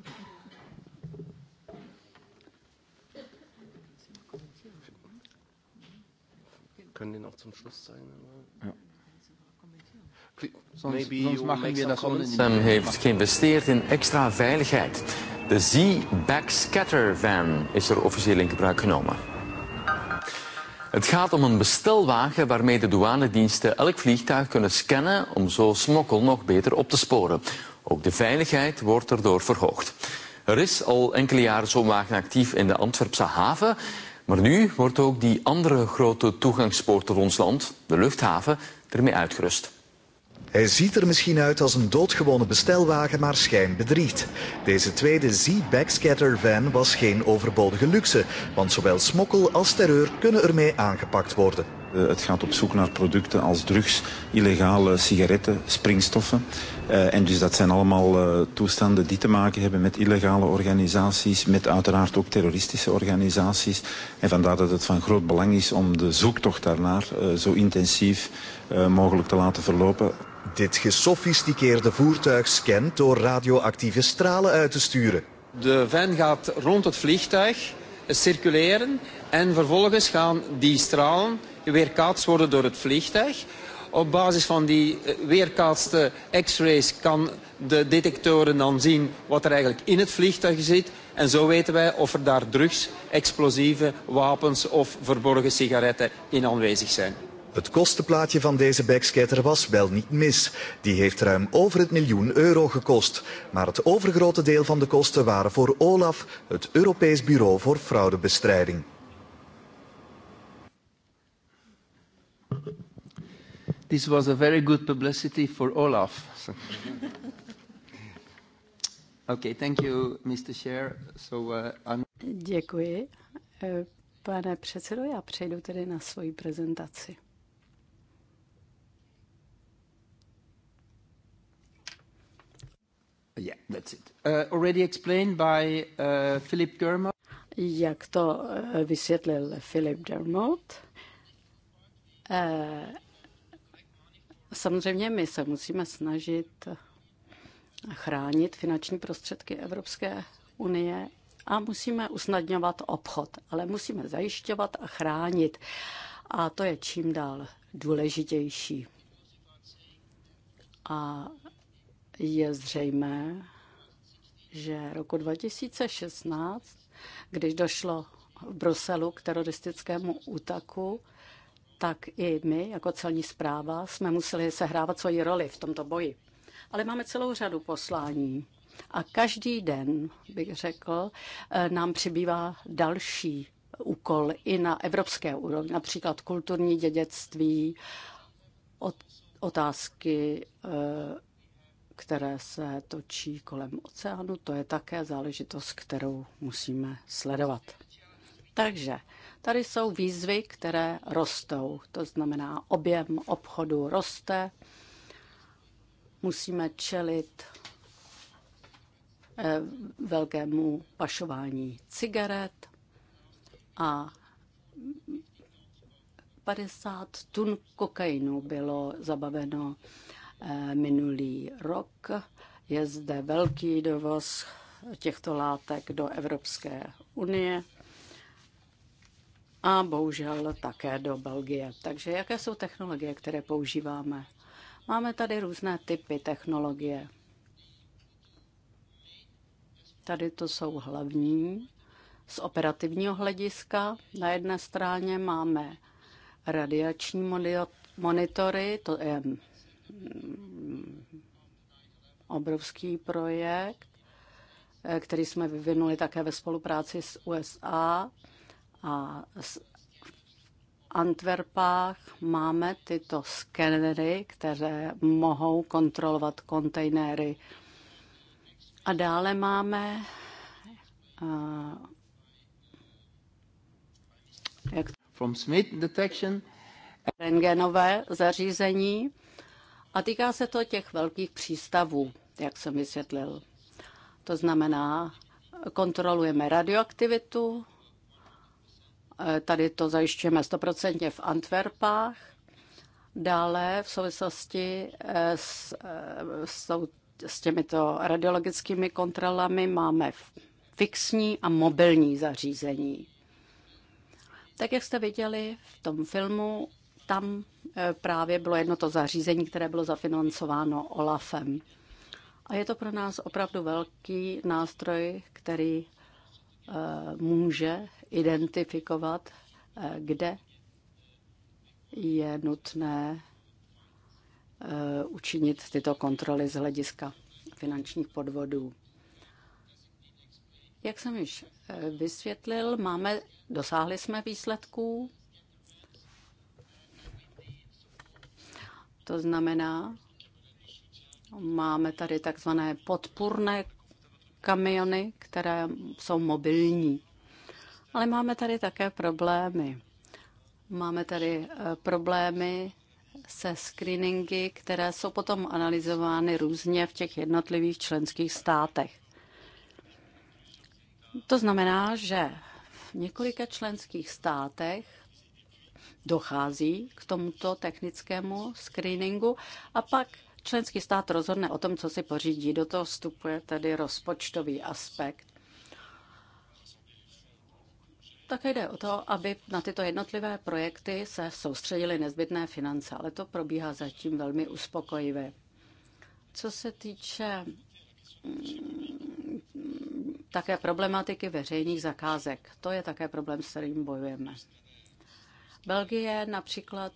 Speaker 3: können den auch zum
Speaker 2: Schluss zeigen. Ja. Soms, soms machen wir das ohne Sam heeft geïnvesteerd in extra veiligheid. De Z-Backscatter Van is er officieel in gebruik genomen. Het gaat om een bestelwagen waarmee de douanediensten elk vliegtuig kunnen scannen om zo smokkel nog beter op te sporen. Ook de veiligheid wordt erdoor verhoogd. Er is al enkele jaren zo'n wagen actief in de Antwerpse haven. Maar nu wordt ook die andere grote toegangspoort tot ons land, de luchthaven, ermee uitgerust. Hij ziet er misschien uit als een doodgewone bestelwagen, maar schijn bedriegt. Deze tweede Z-Backscatter van was geen overbodige luxe, want zowel smokkel als terreur kunnen ermee aangepakt worden. Eh, het gaat
Speaker 3: op zoek naar producten als drugs, illegale sigaretten, springstoffen. Eh, en dus dat zijn allemaal eh, toestanden die te maken hebben met illegale organisaties, met uiteraard ook terroristische organisaties. En vandaar dat het van groot belang is om de zoektocht daarnaar zo
Speaker 2: intensief mogelijk te laten verlopen. Dit gesofisticeerde voertuig scant door radioactieve stralen uit te sturen. De van gaat rond het vliegtuig circuleren en vervolgens gaan die stralen weerkaatst worden door het vliegtuig. Op basis van die eh, weerkaatste x-rays kan de detectoren dan zien wat er eigenlijk in het vliegtuig zit. En zo weten wij of er daar drugs, explosieven, wapens of verborgen sigaretten in aanwezig zijn. Het kostenplaatje van deze backscatter was wel niet mis. Die heeft ruim over het miljoen euro gekost. Maar het overgrote deel van de kosten waren voor OLAF, het Europees Bureau voor Fraudebestrijding. This was a very good publicity for Olaf. So. okay, thank you, Mr. Chair. So, uh, I'm...
Speaker 1: Děkuji. Eh, pane předsedo, já přejdu tedy na svoji prezentaci.
Speaker 2: Yeah, that's it. Uh, already explained by uh, Philip Germot.
Speaker 1: Jak to eh, vysvětlil Philip Dermot, eh, Samozřejmě my se musíme snažit chránit finanční prostředky Evropské unie a musíme usnadňovat obchod, ale musíme zajišťovat a chránit. A to je čím dál důležitější. A je zřejmé, že roku 2016, když došlo v Bruselu k teroristickému útaku, tak i my jako celní zpráva jsme museli sehrávat svoji roli v tomto boji. Ale máme celou řadu poslání a každý den, bych řekl, eh, nám přibývá další úkol i na evropské úrovni, například kulturní dědictví, otázky, eh, které se točí kolem oceánu, to je také záležitost, kterou musíme sledovat. Takže Tady jsou výzvy, které rostou. To znamená, objem obchodu roste. Musíme čelit eh, velkému pašování cigaret a 50 tun kokainu bylo zabaveno eh, minulý rok. Je zde velký dovoz těchto látek do Evropské unie a bohužel také do Belgie. Takže jaké jsou technologie, které používáme? Máme tady různé typy technologie. Tady to jsou hlavní. Z operativního hlediska na jedné straně máme radiační monitory, to je mm, obrovský projekt, eh, který jsme vyvinuli také ve spolupráci s USA. A Antwerpách máme tyto skenery, které mohou kontrolovat kontejnery. A dále máme
Speaker 3: uh, jak From Smith detection.
Speaker 1: rengenové zařízení a týká se to těch velkých přístavů, jak jsem vysvětlil. To znamená, kontrolujeme radioaktivitu, Eh, tady to zajišťujeme 100% v Antwerpách. Dále v souvislosti eh, s, eh, s, s těmito radiologickými kontrolami máme fixní a mobilní zařízení. Tak jak jste viděli v tom filmu, tam právě bylo jedno to zařízení, které bylo zafinancováno OLAFem. A je to pro nás opravdu velký nástroj, který Eh, může identifikovat, eh, kde je nutné eh, učinit tyto kontroly z hlediska finančních podvodů. Jak jsem již vysvětlil, máme, dosáhli jsme výsledků. To znamená, máme tady takzvané podpůrné kamiony, které jsou mobilní. Ale máme tady také problémy. Máme tady eh, problémy se screeningy, které jsou potom analyzovány různě v těch jednotlivých členských státech. To znamená, že v několika členských státech dochází k tomuto technickému screeningu a pak Členský stát rozhodne o tom, co si pořídí. Do toho vstupuje tedy rozpočtový aspekt. Také jde o to, aby na tyto jednotlivé projekty se soustředily nezbytné finance, ale to probíhá zatím velmi uspokojivě. Co se týče mm, také problematiky veřejných zakázek, to je také problém, s kterým bojujeme. Belgie například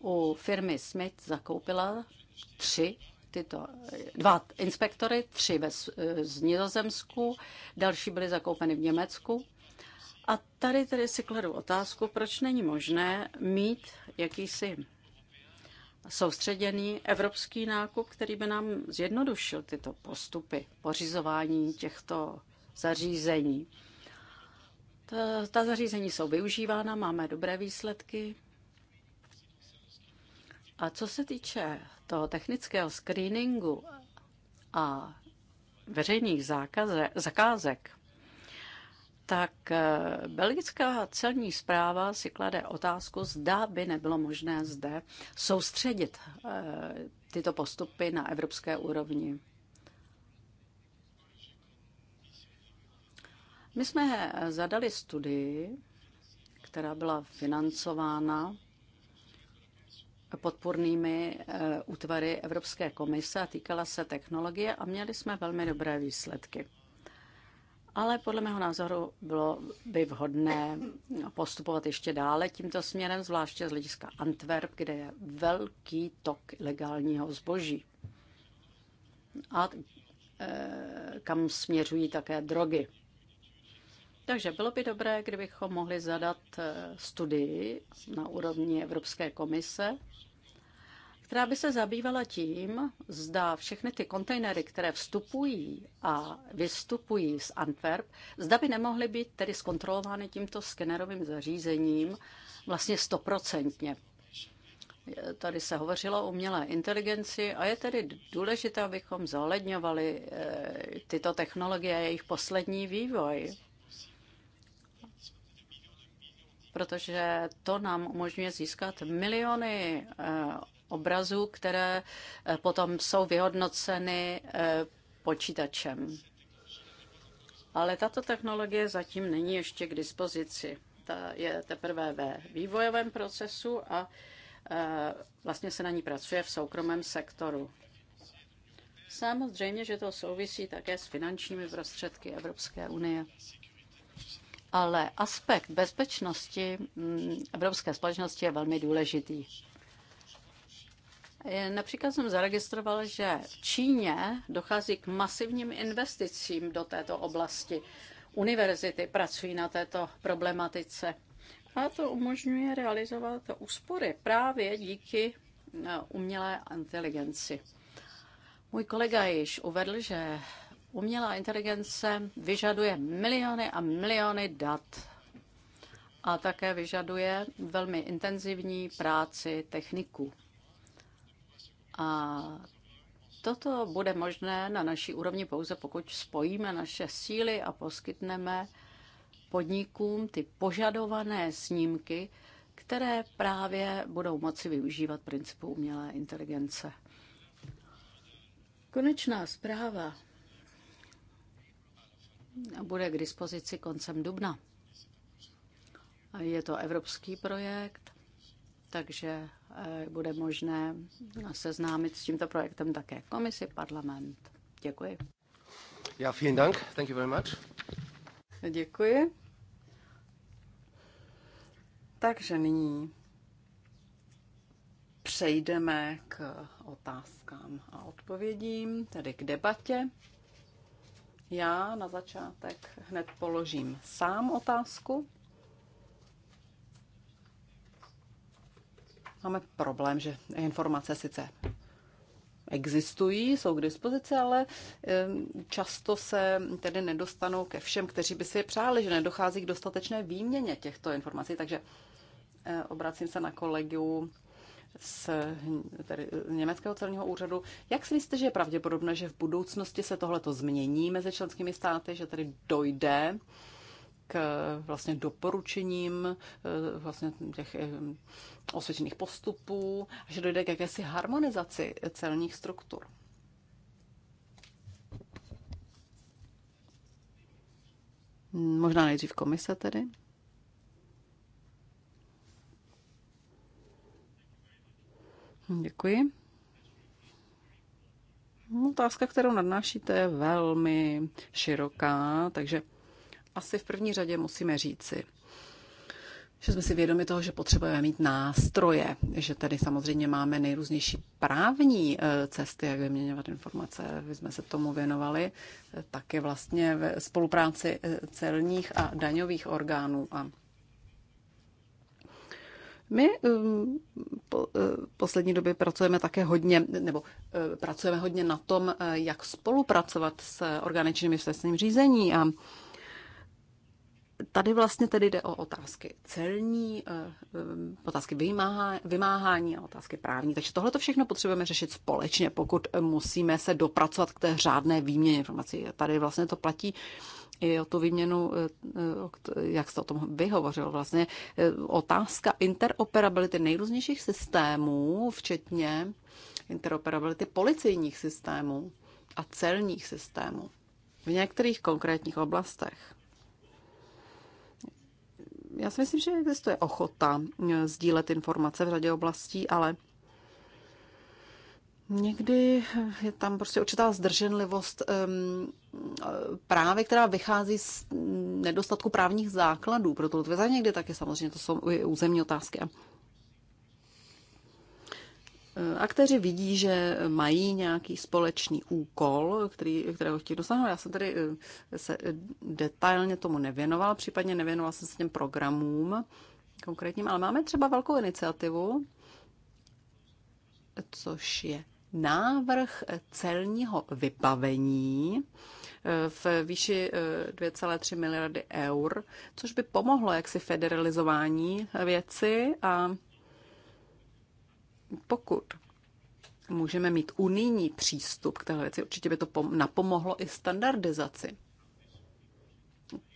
Speaker 1: u firmy Smith zakoupila tři tyto dva inspektory, tři ve, eh, z Nizozemsku, další byly zakoupeny v Německu. A tady tedy si kladu otázku, proč není možné mít jakýsi soustředěný evropský nákup, který by nám zjednodušil tyto postupy pořizování těchto zařízení. Ta, ta zařízení jsou využívána, máme dobré výsledky, a co se týče toho technického screeningu a veřejných zákaze, zakázek, tak eh, belgická celní zpráva si klade otázku, zda by nebylo možné zde soustředit eh, tyto postupy na evropské úrovni. My jsme eh, zadali studii, která byla financována Podpornými eh, útvary Evropské komise a týkala se technologie a měli jsme velmi dobré výsledky. Ale podle mého názoru bylo by vhodné postupovat ještě dále tímto směrem, zvláště z hlediska Antwerp, kde je velký tok legálního zboží. A eh, kam směřují také drogy. Takže bylo by dobré, kdybychom mohli zadat eh, studii na úrovni Evropské komise která by se zabývala tím, zda všechny ty kontejnery, které vstupují a vystupují z Antwerp, zda by nemohly být tedy zkontrolovány tímto skenerovým zařízením vlastně stoprocentně. Tady se hovořilo o umělé inteligenci a je tedy důležité, abychom zohledňovali eh, tyto technologie a jejich poslední vývoj protože to nám umožňuje získat miliony eh, obrazů, které eh, potom jsou vyhodnoceny eh, počítačem. Ale tato technologie zatím není ještě k dispozici. Ta je teprve ve vývojovém procesu a eh, vlastně se na ní pracuje v soukromém sektoru. Samozřejmě, že to souvisí také s finančními prostředky Evropské unie. Ale aspekt bezpečnosti mm, evropské společnosti je velmi důležitý. Eh, například jsem zaregistroval, že v Číně dochází k masivním investicím do této oblasti. Univerzity pracují na této problematice. A to umožňuje realizovat úspory právě díky eh, umělé inteligenci. Můj kolega již uvedl, že umělá inteligence vyžaduje miliony a miliony dat a také vyžaduje velmi intenzivní práci techniků. A toto bude možné na naší úrovni pouze, pokud spojíme naše síly a poskytneme podnikům ty požadované snímky, které právě budou moci využívat principu umělé inteligence. Konečná zpráva bude k dispozici koncem dubna. Je to evropský projekt, takže Eh, bude možné seznámit s tímto projektem také komisi, parlament.
Speaker 3: Děkuji.
Speaker 2: Ja, vielen Dank. Thank you very much.
Speaker 3: Děkuji. Takže nyní přejdeme k otázkám a odpovědím, tedy k debatě. Já na začátek hned položím sám otázku. máme problém, že informace sice existují, jsou k dispozici, ale často se tedy nedostanou ke všem, kteří by si je přáli, že nedochází k dostatečné výměně těchto informací. Takže eh, obracím se na kolegu z tedy eh, německého celního úřadu. Jak si myslíte, že je pravděpodobné, že v budoucnosti se tohleto změní mezi členskými státy, že tedy dojde k vlastně doporučením e, vlastně těch e, osvědčených postupů, že dojde k jakési harmonizaci celních struktur. Možná nejdřív komise tedy. Děkuji. Otázka, kterou nadnášíte, je velmi široká, takže asi v první řadě musíme říci, že jsme si vědomi toho, že potřebujeme mít nástroje, že tady samozřejmě máme nejrůznější právní eh, cesty, jak vyměňovat informace. My jsme se tomu věnovali eh, také vlastně ve spolupráci eh, celních a daňových orgánů a my poslední době pracujeme také hodně, nebo pracujeme hodně na tom, jak spolupracovat s orgány činnými v řízení a Tady vlastně tedy jde o otázky celní, eh, eh, otázky vymáhání a otázky právní. Takže tohle to všechno potřebujeme řešit společně, pokud musíme se dopracovat k té řádné výměně informací. Tady vlastně to platí i o tu výměnu, eh, jak jste o tom vyhovořil, vlastně otázka interoperability nejrůznějších systémů, včetně interoperability policejních systémů a celních systémů v některých konkrétních oblastech já si myslím, že existuje ochota eh, sdílet informace v řadě oblastí, ale Někdy je tam prostě určitá zdrženlivost ehm, eh, právě, která vychází z nedostatku právních základů pro to Někdy taky samozřejmě to jsou územní otázky a Akteři vidí, že mají nějaký společný úkol, který, kterého chtějí dosáhnout. Já jsem tady eh, se eh, detailně tomu nevěnoval, případně nevěnoval jsem se těm programům konkrétním, ale máme třeba velkou iniciativu, což je návrh celního vybavení eh, v výši 2,3 miliardy eur, což by pomohlo jaksi federalizování věci a pokud můžeme mít unijní přístup k téhle věci, určitě by to napomohlo i standardizaci.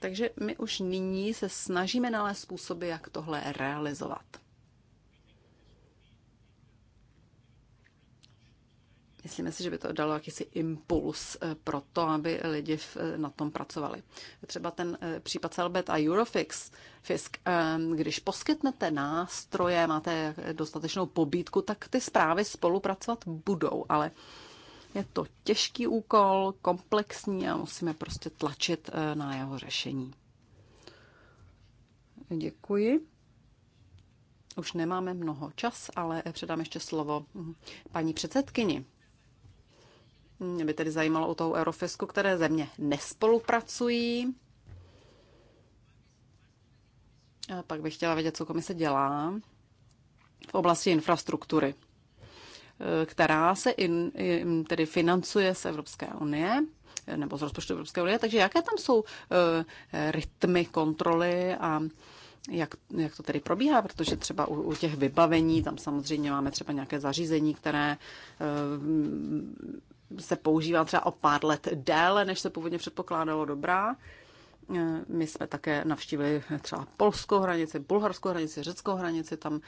Speaker 3: Takže my už nyní se snažíme nalézt způsoby, jak tohle realizovat. Myslíme si, že by to dalo jakýsi impuls eh, pro to, aby lidi eh, na tom pracovali. Třeba ten eh, případ Selbet a Eurofix, Fisk, ehm, když poskytnete nástroje, máte dostatečnou pobídku, tak ty zprávy spolupracovat budou, ale je to těžký úkol, komplexní a musíme prostě tlačit na jeho řešení. Děkuji. Už nemáme mnoho čas, ale předám ještě slovo hm, paní předsedkyni. Mě by tedy zajímalo o tou Eurofisku, které země nespolupracují. A pak bych chtěla vědět, co komise dělá v oblasti infrastruktury, e, která se in, tedy financuje z Evropské unie e, nebo z rozpočtu Evropské unie. Takže jaké tam jsou e, rytmy kontroly a jak, jak to tedy probíhá, protože třeba u, u těch vybavení, tam samozřejmě máme třeba nějaké zařízení, které se používá třeba o pár let déle, než se původně předpokládalo dobrá. E, my jsme také navštívili třeba polskou hranici, bulharskou hranici, řeckou hranici, tam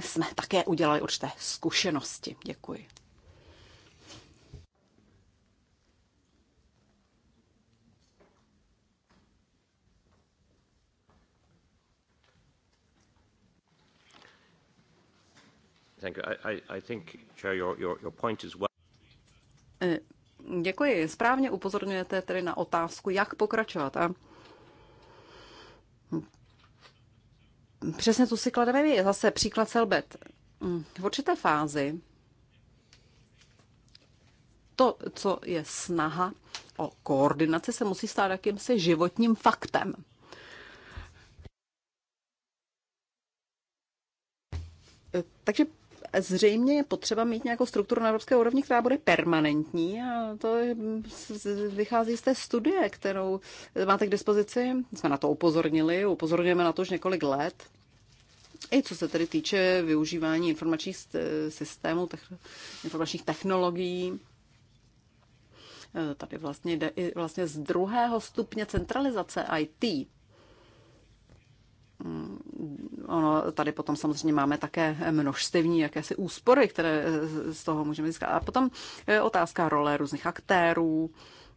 Speaker 3: jsme také udělali určité zkušenosti. Děkuji.
Speaker 1: Thank you. I, I, I think, Chair, your, your, your point is well.
Speaker 3: Eh, děkuji. Správně upozorňujete tedy na otázku, jak pokračovat. A přesně tu si klademe je Zase příklad Selbet. V určité fázi to, co je snaha o koordinaci, se musí stát jakýmsi životním faktem. Eh, takže Zřejmě je potřeba mít nějakou strukturu na evropské úrovni, která bude permanentní a to vychází z té studie, kterou máte k dispozici. Jsme na to upozornili, upozorňujeme na to už několik let. I co se tedy týče využívání informačních systémů, informačních technologií, eh, tady vlastně jde i vlastně z druhého stupně centralizace IT. Mm, ono, tady potom samozřejmě máme také množstevní jakési úspory, které eh, z toho můžeme získat. A potom eh, otázka role různých aktérů,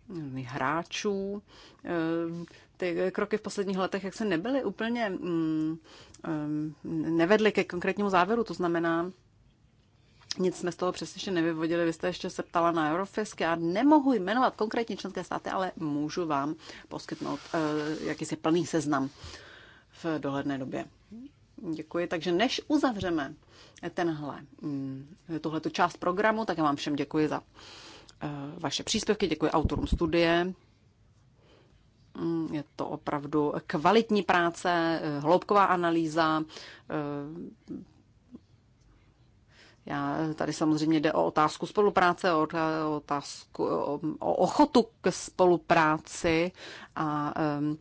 Speaker 3: různých hráčů. Eh, ty kroky v posledních letech, jak se nebyly úplně, mm, nevedly ke konkrétnímu závěru, to znamená, nic jsme z toho přesně nevyvodili. Vy jste ještě se ptala na Eurofisk. a nemohu jmenovat konkrétní členské státy, ale můžu vám poskytnout uh, jakýsi plný seznam. Uh, v dohledné době. Děkuji. Takže než uzavřeme tenhle, mm, tuhletu část programu, tak já vám všem děkuji za eh, vaše příspěvky, děkuji autorům studie. Mm, je to opravdu kvalitní práce, eh, hloubková analýza, eh, já, tady samozřejmě jde o otázku spolupráce, o, otázku, o, o ochotu k spolupráci a um,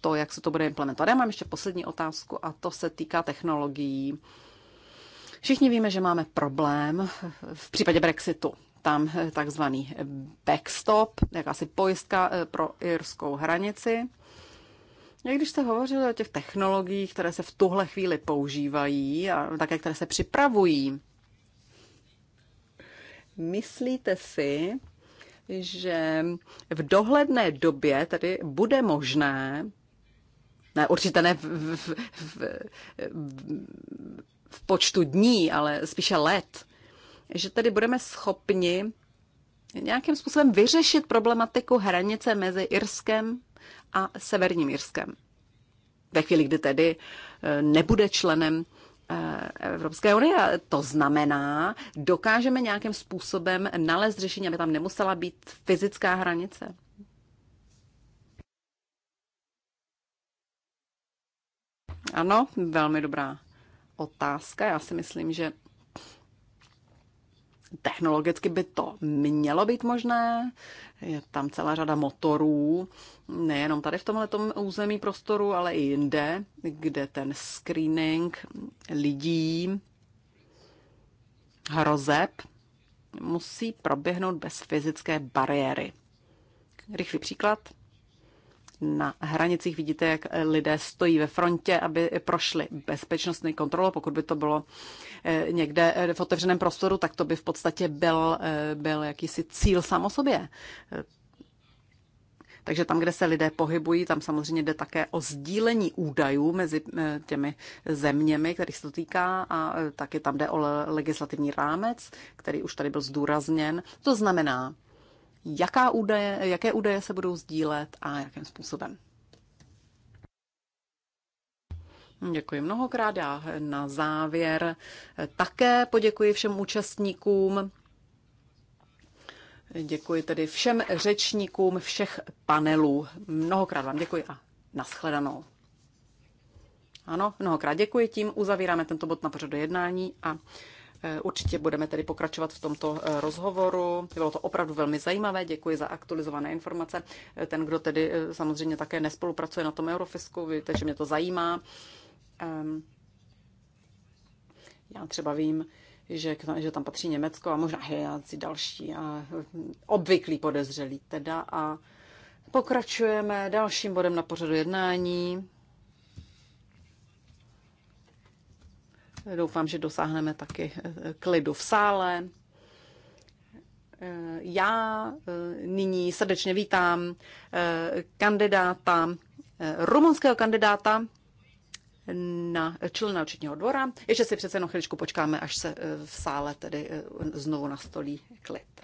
Speaker 3: to, jak se to bude implementovat. Já mám ještě poslední otázku a to se týká technologií. Všichni víme, že máme problém v případě Brexitu. Tam eh, takzvaný backstop, jakási pojistka eh, pro irskou hranici. A když jste hovořili o těch technologiích, které se v tuhle chvíli používají a také které se připravují, Myslíte si, že v dohledné době tady bude možné, ne určitě ne v, v, v, v počtu dní, ale spíše let, že tady budeme schopni nějakým způsobem vyřešit problematiku hranice mezi Irskem a Severním Irskem. Ve chvíli, kdy tedy eh, nebude členem Eh, Evropské unie. To znamená, dokážeme nějakým způsobem nalézt řešení, aby tam nemusela být fyzická hranice. Ano, velmi dobrá otázka. Já si myslím, že technologicky by to mělo být možné. Je tam celá řada motorů, nejenom tady v tomhle území prostoru, ale i jinde, kde ten screening lidí, hrozeb musí proběhnout bez fyzické bariéry. Rychlý příklad. Na hranicích vidíte, jak lidé stojí ve frontě, aby prošli bezpečnostní kontrolu. Pokud by to bylo eh, někde eh, v otevřeném prostoru, tak to by v podstatě byl, eh, byl jakýsi cíl sám o sobě. Takže tam, kde se lidé pohybují, tam samozřejmě jde také o sdílení údajů mezi eh, těmi zeměmi, kterých se to týká a eh, taky tam jde o legislativní rámec, který už tady byl zdůrazněn. To znamená, jaká údaje, jaké údaje se budou sdílet a jakým způsobem. Děkuji mnohokrát. Já na závěr eh, také poděkuji všem účastníkům Děkuji tedy všem řečníkům všech panelů. Mnohokrát vám děkuji a nashledanou. Ano, mnohokrát děkuji. Tím uzavíráme tento bod na pořadu jednání a e, určitě budeme tedy pokračovat v tomto e, rozhovoru. Bylo to opravdu velmi zajímavé. Děkuji za aktualizované informace. E, ten, kdo tedy samozřejmě také nespolupracuje na tom Eurofisku, víte, že mě to zajímá. Ehm, já třeba vím, že, že tam patří Německo a možná hejáci další a obvyklí podezřelí teda a pokračujeme dalším bodem na pořadu jednání. Doufám, že dosáhneme taky eh, klidu v sále. Eh, já eh, nyní srdečně vítám kandidáta, rumunského kandidáta na člena určitního dvora. Ještě si přece jenom chvíličku počkáme, až se eh, v sále tedy eh, znovu nastolí klid.